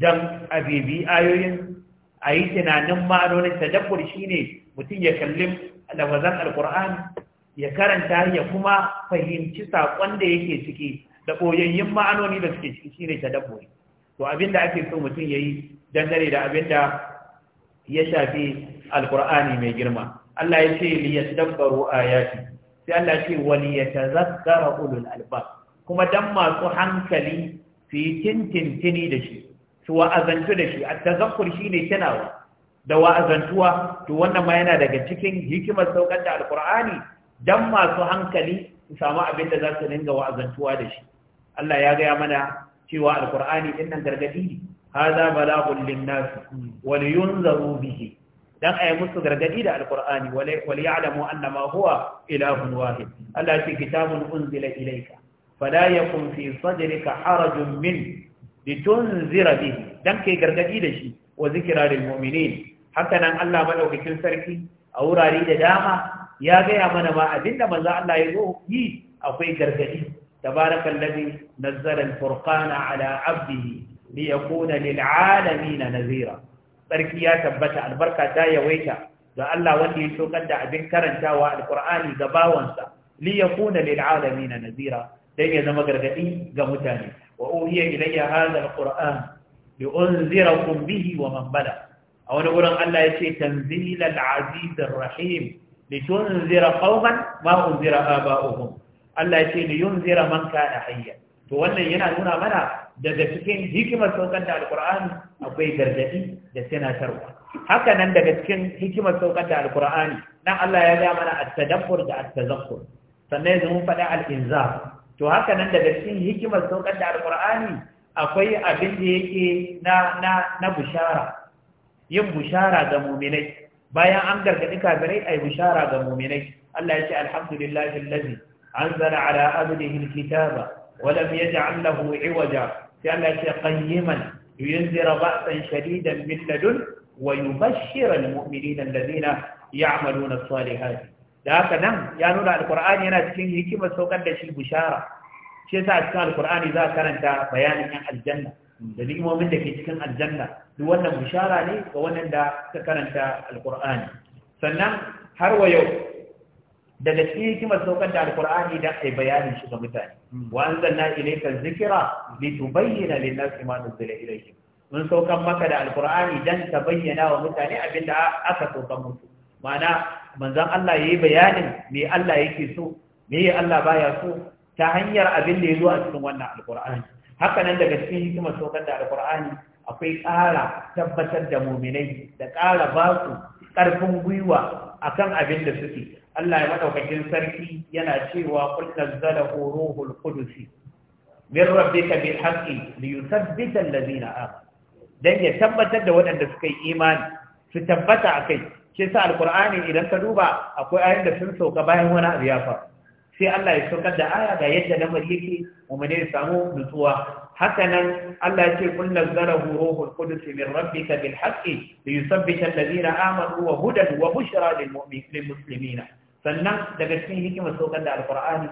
dan abibi ayoyin ayi tunanin ma'anonin tadabbur shine mutum ya kalli lafazan alqur'ani ya karanta ya kuma fahimci saƙon da yake ciki da ɓoyayyin ma'anoni da suke ciki shine dabbori. to abin da ake so mutum ya yi dangane da abin da ya shafi alkur'ani mai girma Allah ya ce li yadabbaru ayati sai Allah ya ce wa li yatazakkara ulul albab kuma dan masu hankali su yi tintintini da shi su wa'azantu da shi at-tazakkur ne tunawa da wa'azantuwa to wannan ma yana daga cikin hikimar saukar da alkur'ani dan masu hankali su samu abin da za su dinga wa'azantuwa da shi Allah ya gaya mana cewa alkur'ani din nan gargadi ne hadha balaghun linnas wa liyunzaru bihi dan ayi musu gargadi da alkur'ani wa liya'lamu anna ma huwa ilahun wahid Allah ya kitabun unzila ilayka fala yakun fi sadrika harajun min litunzira bihi dan kai gargadi da shi wa zikra lil mu'minin haka nan Allah madaukakin sarki a wurare da dama ya gaya mana ma abinda manzo Allah ya yi akwai gargadi da ladhi nazzala al-furqana ala 'abdihi li yakuna lil 'alamin nazira sarki ya tabbata albarka ta yawaita ga Allah wanda ya tokar da abin karantawa alqur'ani ga bawansa li yakuna lil 'alamin nazira dan ya zama gargadi ga mutane wa uhiya ilayya hadha al-qur'an li unzirakum bihi wa man bala a wani wurin Allah ya ce tanzilal azizir rahim da shi in zira ma in zira aba'uhum Allah ya ce da yun zira man kana hayya to wannan yana nuna mana daga cikin hikimar saukar da alkur'ani akwai gargadi da sinatarwa. haka nan daga cikin hikimar saukar da alkur'ani nan Allah ya ga mana at-tadabbur da at-tazakkur sannan yanzu mun faɗa al-inzar to haka nan daga cikin hikimar saukar da alkur'ani akwai abin da yake na na na bushara yin bushara ga mu'minai bayan an gargadi kafirai ay bishara ga mu'minai Allah ya ce alhamdulillahi allazi anzala ala abdihi alkitaba wa lam yaj'al lahu iwaja sai Allah ya ce qayyiman yunzira ba'san shadidan min ladun wa yubashshira almu'minina alladhina ya'maluna as-salihati da haka nan ya nuna alqur'ani yana cikin hikimar saukar da shi bishara shi yasa a cikin alqur'ani za karanta bayanin yan aljanna da ni'imomin da ke cikin aljanna duk wannan bishara ne ga wannan da suka karanta alqur'ani sannan har wa yau daga cikin hikimar saukar da alqur'ani a ai bayanin shi ga mutane hmm. wa anzalna ilayka dhikra litubayyana lin-nasi ma nuzila ilaikin. mun saukar maka da alqur'ani dan ta bayyana wa mutane abin da aka saukan musu ma'ana manzon Allah yayi bayanin me Allah yake so me Allah baya so ta hanyar abin da ya zo a cikin wannan alqur'ani haka nan daga cikin hikimar saukar da alkur'ani akwai ƙara tabbatar da muminai da ƙara ba su ƙarfin gwiwa a kan abin da suke Allah ya maɗaukakin sarki yana cewa zala zada ruhul qudus min rabbi da bil haqqi da zina a Don ya tabbatar da waɗanda suka yi imani su tabbata a kai, shi sa alkur'ani idan ka duba akwai ayin da sun sauka bayan wani abu ya faru sai Allah ya saukar da aya ga yadda lamari yake mummune ya samu nutsuwa haka nan Allah ya ce kun nazzarahu ruhul qudus min rabbika bil haqqi li yusabbita alladhina amanu wa hudan wa bushra lil mu'minin sannan daga cikin hikimar saukar da alqur'ani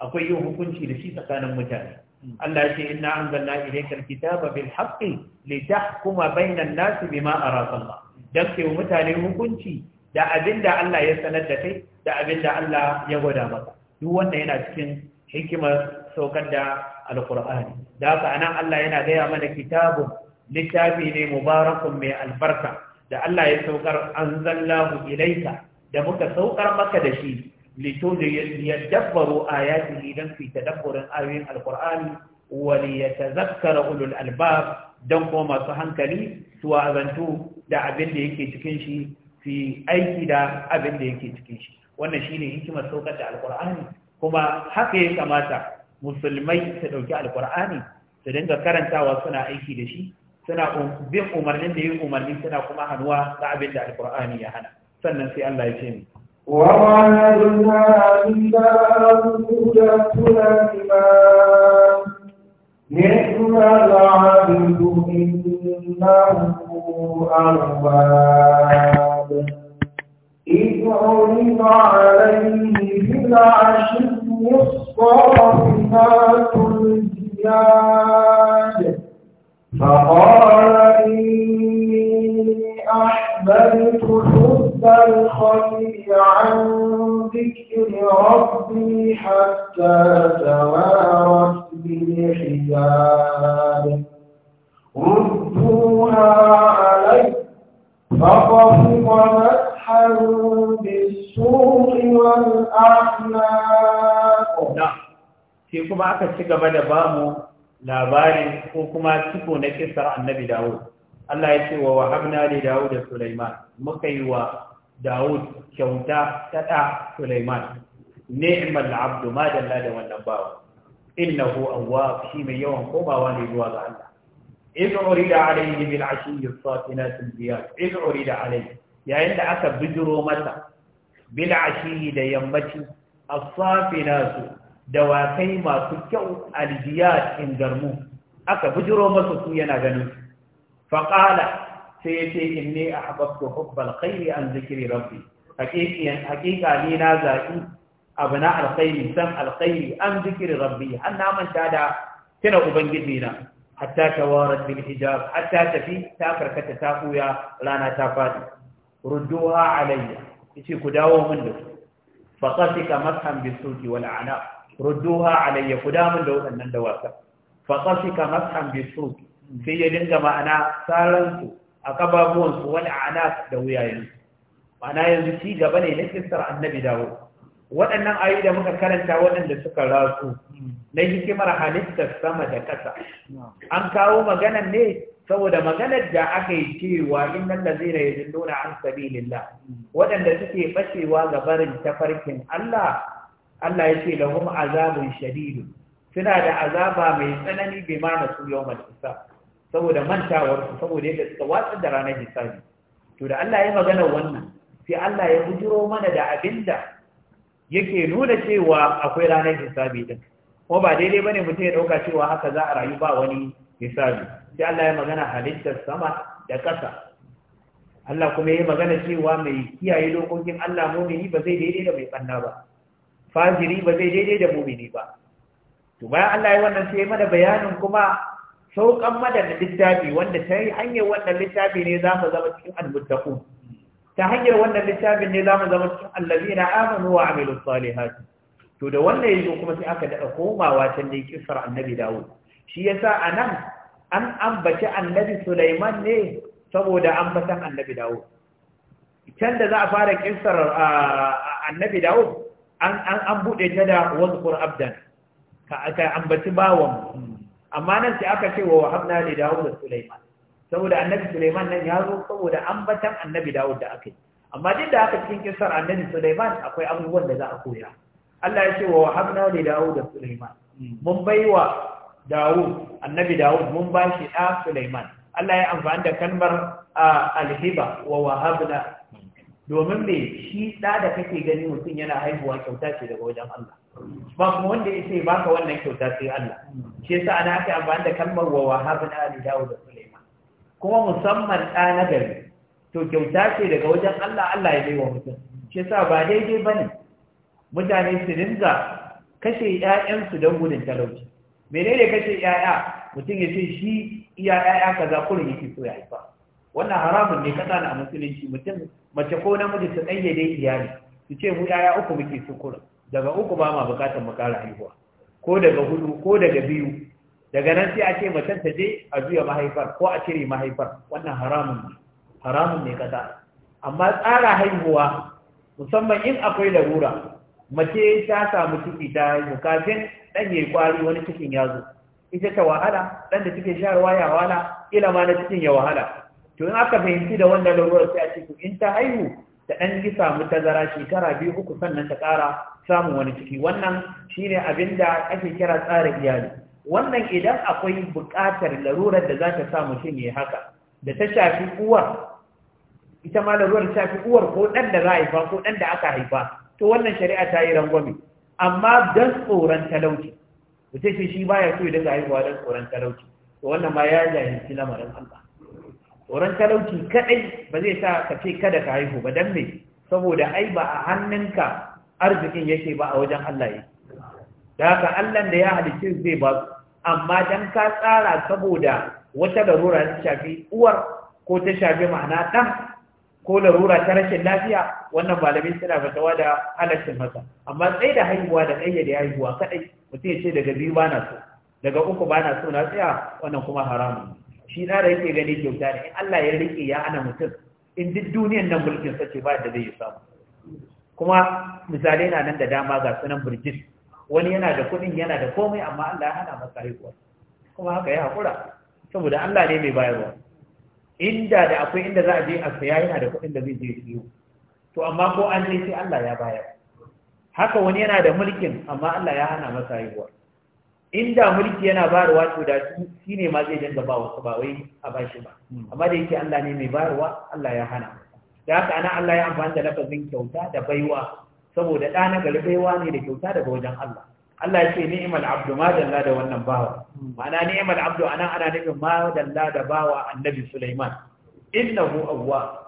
akwai yin hukunci da shi tsakanin mutane Allah ya ce inna anzalna ilayka alkitaba bil haqqi litahkuma bainan nas bima araka Allah dan mutane hukunci da abinda Allah ya sanar da kai da abinda Allah ya gwada maka duk wanda yana cikin hikimar saukar da alkur'ani da haka anan Allah yana gaya mana kitabun littafi ne mubarakun mai albarka da Allah ya saukar an zallahu ilaika da muka saukar maka da shi lito da ya dabbaro ayatihi don fi tadabburin ayoyin alkur'ani wani ya tazakkara ulul albab don kuma masu hankali su wa'azantu da abin da yake cikin shi fi aiki da abin da yake cikin shi wannan shine hikimar saukar da alkur'ani kuma haka ya kamata musulmai su dauki alkur'ani su dinga karantawa suna aiki da shi suna um, bin umarnin da yin umarni suna kuma hannuwa da abin da alqur'ani ya hana sannan sai Allah ya ce mu وَوَعَدْنَا إِلَى أَنفُسِنَا الْإِيمَانَ نِعْمَ الْعَبْدُ إِنَّهُ أَوَّابٌ إذ عرض عليه بالعشي الصافنات الجياد فقال إني أحببت حب الخير عن ذكر ربي حتى توارت بالحجاب ردوها علي فطفق sai kuma aka ci gaba da bamu labarin ko kuma ciko na kisar annabi Dawud Allah ya ce wa wahabna li Dawud da Sulaiman muka yi wa Dawud kyauta ta da Sulaiman ni'mal abdu ma dalla da wannan bawa innahu awwab shi mai yawan komawa ne zuwa ga Allah إذ عرض عليه بالعشي الصافنات الزياد إذ عرض alayhi yayin da aka bijiro masa bil ashiyi da yammaci as da wakai masu kyau aljiyat ingarmu aka bijiro masa su yana ganin faqala sai ne a ahbabtu hubbal kairi an zikiri rabbi haqiqan haqiqa ni na zaki abna alkhairi san alkhairi an zikiri rabbi an na manta da tuna ubangiji na hatta tawarat bil hijab hatta tafi ta karkata ta kuya rana ta faɗi. rudduha alayya yace ku dawo min da su ka qasika mathan bisuki wal anab rudduha alayya ku dawo min da waɗannan dawasa fa qasika mathan bisuki sai ya dinga ma'ana saran su a kababuwan su wal anab da wuyayen ma'ana yanzu ci gaba ne na kissar annabi dawo waɗannan ayoyi da muka karanta waɗanda suka rasu na hikimar halittar sama da ƙasa an kawo maganan ne saboda maganar da aka yi cewa innal ladzina yadilluna an sabilillah waɗanda suke bacewa ga barin tafarkin Allah Allah yace kuma azabun Shadidu, suna da azaba mai tsanani bai ma nasu yawmal hisab saboda mantawar saboda yadda suka watsa da ranar hisabi to da Allah ya magana wannan sai Allah ya bujiro mana da abinda yake nuna cewa akwai ranar hisabi din kuma ba daidai bane mutum ya dauka cewa haka za a rayu ba wani misali sai Allah ya magana halittar sama da ƙasa Allah kuma ya magana cewa mai kiyaye dokokin Allah mumini ba zai daidai da mai banna ba fajiri ba zai daidai da mumini ba to bayan Allah ya wannan sai mana bayanin kuma saukan madana littafi wanda ta hanyar wannan littafi ne za mu zama cikin almuttaqu ta hanyar wannan littafin ne za mu zama cikin allazina amanu wa amilus salihati to da wannan yazo kuma sai aka daɗa komawa can ne kisar annabi Dawud shi yasa anan an ambaci annabi Sulaiman ne saboda ambatan annabi Dawud can da za a fara kissar annabi Dawud an an an bude ta da wazkur abdan ka aka ambaci bawon amma nan sai aka ce wa wahabna li Dawud da Sulaiman saboda annabi Sulaiman nan ya zo saboda ambatan annabi Dawud da aka yi amma duk da aka cikin kissar annabi Sulaiman akwai abubuwan da za a koya Allah ya ce wa wahabna li Dawud da Sulaiman mun baiwa Dawud annabi Dawud mun ba shi da Sulaiman Allah ya amfani da kalmar alhiba wa wahabna domin me shi da da kake gani mutum yana haihuwa kyauta ce daga wajen Allah ba kuma wanda ya ce baka wannan kyauta sai Allah shi yasa ana aka amfani da kalmar wa wahabna Ali Dawud da Sulaiman kuma musamman da na gari to kyauta ce daga wajen Allah Allah ya bai wa mutum shi yasa ba daidai bane mutane su dinga kashe ƴaƴansu don gudun talauci menene kace yaya mutum ya ce shi iya yaya kaza kullu yake so ya haifa wannan haramun ne kasa na musulunci mutum mace ko namiji su dai iyali su ce mu yaya uku muke so kullu daga uku ba ma bukatar mu kara haihuwa ko daga hudu ko daga biyu daga nan sai a ce mace ta je a juya mahaifar ko a cire mahaifar wannan haramun ne haramun ne kasa amma tsara haihuwa musamman in akwai larura mace ta samu ciki ta haihu kafin dan yi kwari wani cikin ya zo ita ta wahala dan da take sharwa ya wahala ila ma na cikin ya wahala to in aka fahimci da wannan lalurar sai a ce in ta haihu ta dan yi samu tazara shekara biyu uku sannan ta kara samun wani ciki wannan shine abin da ake kira tsara iyali wannan idan akwai buƙatar larurar da za ta sa mutum ya haka da ta shafi uwar ita ma larurar shafi uwar ko ɗan da za a haifa ko ɗan da aka haifa to wannan shari'a ta yi rangwame amma dan tsoron talauci mutum shi shi baya so ya daga haihuwa dan tsoron talauci to wannan ma ya jahilci lamarin Allah tsoron talauci kadai ba zai sa ka ce kada ka haihu ba dan me saboda ai ba a hannunka arzikin yake ba a wajen Allah yake da haka Allah da ya halicci zai ba amma dan ka tsara saboda wata larura ta shafi uwar ko ta shafi ma'ana dan ko larura ta rashin lafiya wannan malamai suna fatawa da halaccin haka. amma tsaye da haihuwa da da haihuwa kaɗai mutum ya ce daga biyu ba na so daga uku ba na so na tsaya wannan kuma haramun shi na da yake gani kyauta ne in Allah ya riƙe ya ana mutum in duk duniyan nan mulkin sa ba da zai samu kuma misali na nan da dama ga sunan burjis wani yana da kuɗin yana da komai amma Allah ya hana masa haihuwa kuma haka ya haƙura saboda Allah ne mai bayarwa inda da akwai inda za a je a saya yana da kuɗin da zai je siyo to amma ko an je sai Allah ya bayar haka wani yana da mulkin amma Allah ya hana masa haihuwa inda mulki yana bayarwa to da shi ne ma zai dinga ba wasu ba wai a bashi ba amma da yake Allah ne mai bayarwa Allah ya hana da haka ana Allah ya amfani da lafazin kyauta da baiwa saboda ɗa na gari ne da kyauta daga wajen Allah Allah ya ce ni'mal abdu ma dalla da wannan bawa ma'ana ni'mal abdu anan ana nufin ma dalla da bawa annabi Sulaiman innahu awwa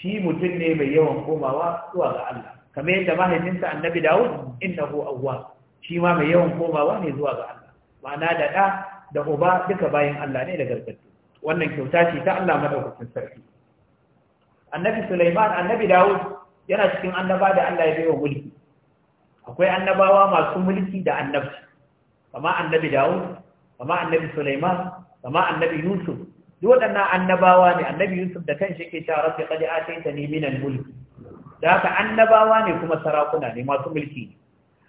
shi mutum ne mai yawan komawa zuwa ga Allah kamar yadda mahaifinsa annabi Dawud innahu awwa shi ma mai yawan komawa ne zuwa ga Allah ma'ana da da da uba duka bayan Allah ne da gargaɗi wannan kyauta ce ta Allah madaukakin sarki annabi Sulaiman annabi Dawud yana cikin annaba da Allah ya baiwa mulki akwai annabawa masu mulki da annabci kama annabi dawud kama annabi sulaiman kama annabi yusuf duk waɗannan annabawa ne annabi yusuf da kanshi yake cewa rabbi qad ataitani min al-mulk da haka annabawa ne kuma sarakuna ne masu mulki ne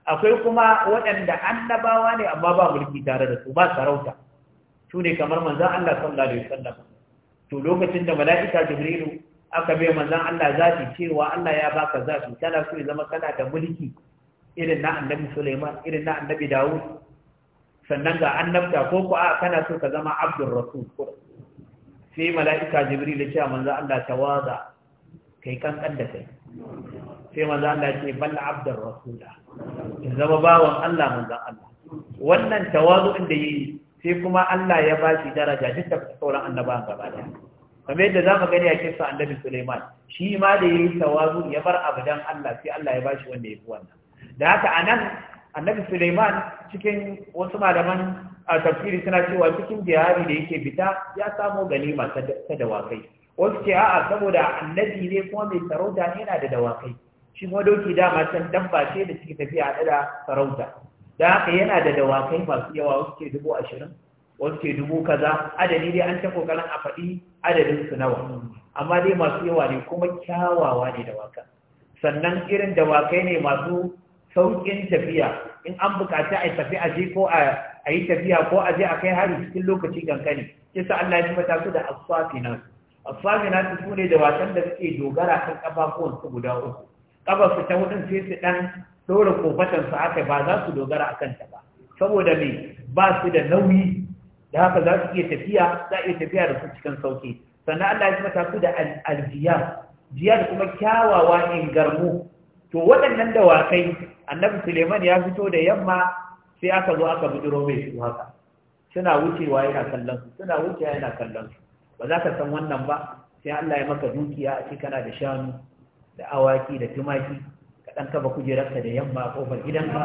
akwai kuma waɗanda annabawa ne amma ba mulki tare da su ba sarauta su ne kamar manzon Allah sallallahu alaihi wasallam to lokacin da mala'ika jibrilu aka bai manzon Allah zafi cewa Allah ya baka zafi kana so ya zama kana da mulki irin na annabi Sulaiman irin na annabi Dawud sannan ga annabta ko ku a kana so ka zama Abdul rasul sai mala'ika jibril ya ce manzo Allah tawaza kai kankan da kai sai manzo Allah ya ce balla Abdul Rasul in zama bawan Allah manzo Allah wannan din da yi sai kuma Allah ya ba shi daraja duk da sauran annabawan gaba daya kamar yadda zamu gani a kissa annabi Sulaiman shi ma da yayi tawazu ya bar abudan Allah sai Allah ya ba shi wanda yafi wannan da haka anan annabi Suleiman cikin wasu malaman a tafsiri suna cewa cikin jihari da yake fita ya samo ganima ta dawakai wasu ce a'a saboda annabi ne kuma mai sarauta yana da dawakai shi kuma doki dama can dabba ce da suke tafiya haɗe da sarauta da haka yana da dawakai masu yawa wasu ke dubu ashirin wasu ke dubu kaza adadi dai an ta kokarin a faɗi adadin su nawa amma dai masu yawa ne kuma kyawawa ne dawakan sannan irin dawakai ne masu sauƙin tafiya in an bukaci a tafi a ko a yi tafiya ko a je a kai hari cikin lokaci kankani kisa Allah ya mata su da asfafina asfafina su ne da wasan da suke dogara kan ko su guda uku kafa su ta hudun sai su dan dora kofatan su aka ba za su dogara akan ta ba saboda me ba su da nauyi da haka za su iya tafiya za iya tafiya da su cikin sauki sannan Allah ya mata su da aljiya kuma kyawawa ingarmu to waɗannan dawakai annabi suleiman ya fito da yamma sai aka zo aka bujiro mai su haka suna wucewa yana kallon su suna wucewa yana kallon su ba za ka san wannan ba sai Allah ya maka dukiya a ce kana da shanu da awaki da tumaki ka ɗan kaba kujerarka da yamma a gidan ba.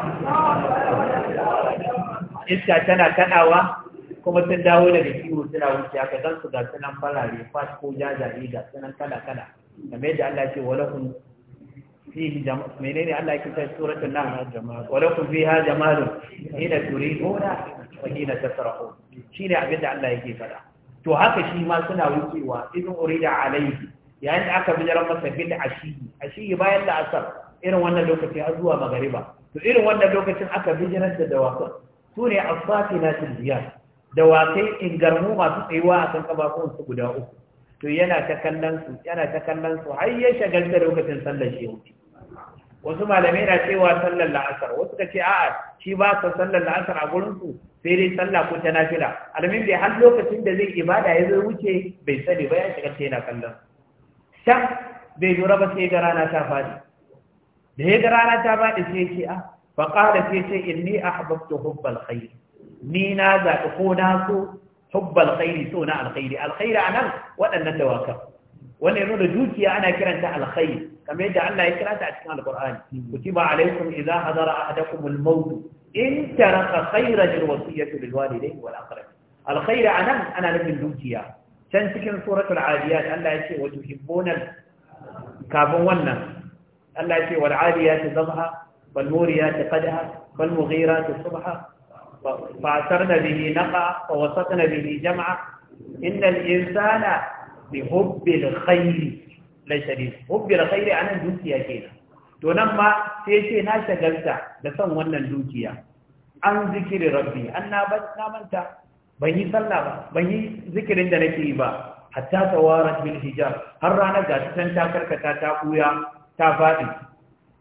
iska tana kaɗawa kuma sun dawo daga kiwo suna wucewa. Ka gan ga sunan farare fat ko jajaye ga sunan kala kala kamar yadda Allah ya ce walakum fihi jama'a menene Allah yake ta suratul nahl jama'a wa lakum fiha jamalun hina turiduna wa hina tasrahun shine abin da Allah yake faɗa. to haka shi ma suna wucewa idan urida alayhi yayin da aka bijiran masa bil ashiyi ashiyi bayan da asar irin wannan lokaci har zuwa magariba to irin wannan lokacin aka bijiran da dawakan su ne asafinatul biyar dawakai masu tsayuwa a kan guda uku to yana ta kallon su yana ta kallon su har ya shagalta lokacin sallar shi wuce wasu malamai na cewa sallar la'asar wasu ka ce a'a shi ba sa sallar la'asar a gurinsu sai dai sallah ko ta nafila alamin bai har lokacin da zai ibada ya zai wuce bai sani ba ya shiga ta yana kallon can bai lura ba sai ga rana ta faɗi da ya ga rana ta faɗi sai ce a ah, fa qala sai ce inni ahbabtu hubbal khair ni na zaɓi ko na so hubbal khairi so na alkhairi alkhairi anan waɗannan dawakan wannan yana da dukiya ana kiranta alkhair kamar yadda Allah ya kiranta a cikin alqur'ani kutiba alaikum idza hadara ahadakum almaut in taraka khayran alwasiyatu lilwalidayni wal aqrabin alkhair anan ana nufin dukiya can cikin suratul adiyat Allah ya ce wa tuhibbuna kafin wannan Allah ya ce wal adiyat dhabha wal muriyat qadha wal mughirat subha fa asarna bihi naqa wa wasatna bihi jam'a inna al insana bi hubbil khairi la sharif hubbil khairi anan dukiya kena. to nan ma sai ce na shagalta da son wannan dukiya an zikiri rabbi an na manta ban yi sallah ba ban yi zikirin da nake yi ba hatta tawarat bil hijab har rana ga ta ta karkata ta kuya ta fadi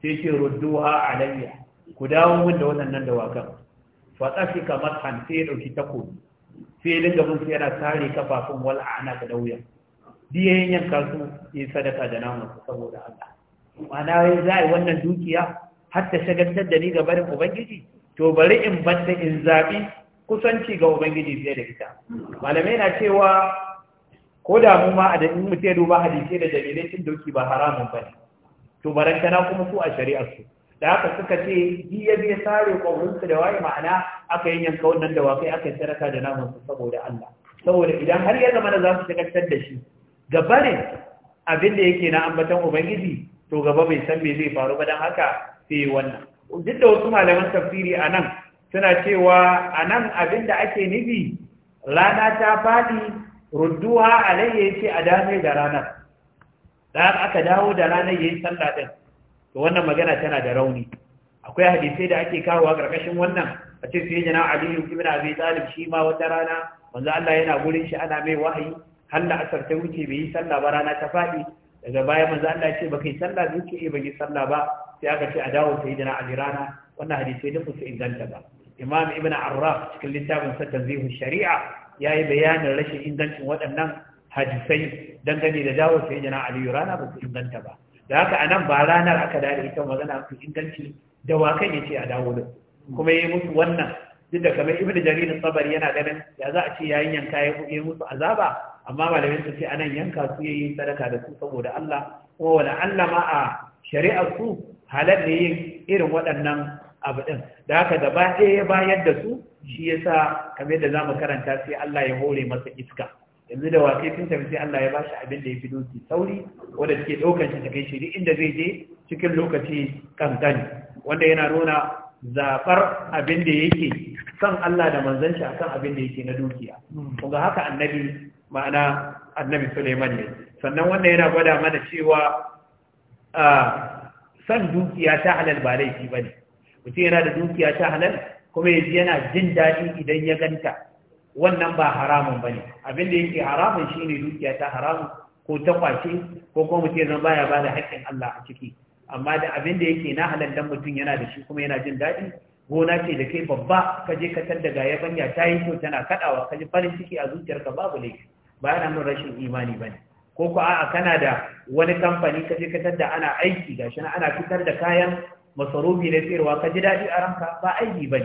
sai ce rudduha alayya ku dawo min da wannan waka fa tsafika mathan sai dauki takobi sai dinga mun sai yana sare kafafun wal'ana a'na da dauya Biyayen yanka su yi sadaka da namun saboda Allah ma'ana ya za a yi wannan dukiya har ta shagantar da ni ga barin ubangiji to bari in banta in zaɓi kusanci ga ubangiji fiye da ita malamai na cewa ko da mu ma a da in ya duba hadisi da dalilai cin doki ba haramun ba ne to barantana kuma su a shari'ar su da haka suka ce biye ya biya sare kwaurinsu da waye ma'ana aka yi yanka wannan dawakai aka yi sadaka da namun su saboda Allah saboda idan har ya zama da za su shagantar da shi ga barin abin da yake na ambatan ubangiji to gaba bai san me zai faru ba dan haka sai wannan duk da wasu malaman tafsiri anan suna cewa anan abin da ake nufi rana ta fadi rudduha alayya yace a dame da ranar dan aka dawo da ranar yayin sallah din to wannan magana tana da rauni akwai hadisai da ake kawo a karkashin wannan a ce sai jana'a Ali ibn Abi Talib shi ma wata rana manzo Allah yana gurin shi ana mai wahayi har la'asar ta wuce bai yi sallah ba rana ta faɗi daga baya manzo Allah ya ce baka yi sallah bai ce eh ban sallah ba sai aka ce a dawo sayyidina Ali rana wannan hadisi duk su inganta ba imam ibn arraf cikin littafin sa tanzihu shari'a yayi bayanin rashin ingancin waɗannan hadisai dangane da dawo sayyidina Ali rana ba su inganta ba da haka anan ba ranar aka dare ita magana ku inganci da ya yace a dawo da kuma yi musu wannan duk da kamar ibnu jarir sabari yana ganin ya za a ce yayin yanka ya kuke musu azaba amma malamin su ce anan yanka su yayi sadaka da su saboda Allah kuma wala Allah ma a shari'ar su halal ne yin irin waɗannan abu din da haka gaba ɗaya ya bayar da su shi yasa kamar yadda zamu karanta sai Allah ya hore masa iska yanzu da wakai sun tafi sai Allah ya bashi abin da ya fi doki sauri wanda suke ɗaukar shi ta kai shi inda zai je cikin lokaci kankani wanda yana nuna zaɓar abin da yake son Allah da manzanci a kan abin da yake na dukiya. Kunga haka annabi ma'ana annabi Suleiman ne. Sannan wannan yana gwada mana cewa san dukiya ta halal ba laifi ba ne. Mutum yana da dukiya ta halal kuma yanzu yana jin daɗi idan ya ganta. Wannan ba haramun ba ne. Abin da yake haramun shi ne dukiya ta haramun ko ta kwace ko kuma mutum zama baya ba da haƙƙin Allah a ciki. amma da abin da yake na halallan mutum yana da shi kuma yana jin daɗi gona ce da kai babba ka je ka tar daga yabanya ta yi to tana kaɗawa ka ji farin ciki a zuciyarka babu laifi ba yana min rashin imani ba ne ko ku kana da wani kamfani ka je ka tar da ana aiki gashi na ana fitar da kayan masarufi na tsirwa ka ji daɗi a ranka ba aibi ba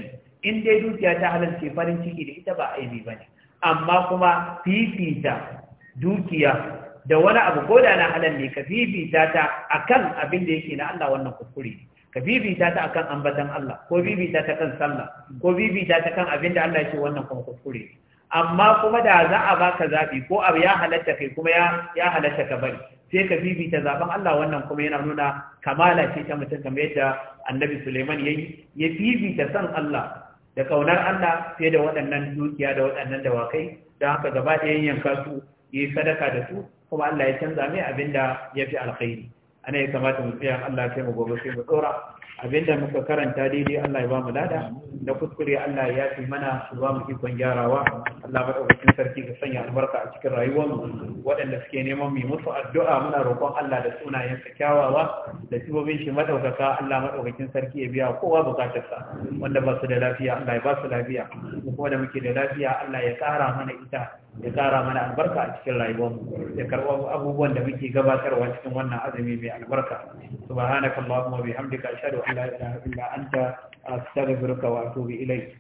in dai dukiya ta halarce farin ciki da ita ba aibi ba amma kuma fifita dukiya da wani abu ko da na halal ne ka bibita ta akan abin da yake na Allah wannan kuskure ka bibita ta akan ambatan Allah ko bibita ta kan sallah ko bibita ta kan abin da Allah yake wannan kuma kuskure amma kuma da za a baka zabi ko abu ya halatta kai kuma ya ya halatta ka bari sai ka bibita zaben Allah wannan kuma yana nuna kamala ce ta mutum kamar yadda annabi Suleiman yayi ya bibita san Allah da kaunar Allah fiye da waɗannan dukiya da waɗannan dawakai don haka gaba ɗayan yanka su yi sadaka da su kuma Allah ya canza mai abinda ya fi alkhairi ana ya kamata mu tsaya Allah sai mu gobe sai mu dora abinda muka karanta daidai Allah ya ba mu lada da kuskure Allah ya fi mana su ba mu ikon gyarawa Allah ba daukakin sarki ka sanya albarka a cikin rayuwar mu waɗanda suke neman mu musu addu'a muna roƙon Allah da sunayen sa kyawawa da sibobin shi madaukaka Allah madaukakin sarki ya biya kowa bukatar sa wanda ba su da lafiya Allah ya ba su lafiya kuma da muke da lafiya Allah ya ƙara mana ita ya tsara mana albarka a cikin rayuwar da karɓar abubuwan da muke gabatarwa cikin wannan azumi mai albarka subhanaka allahumma bihamdika ashhadu an la ilaha illa anta astaghfiruka wa atubu ilayk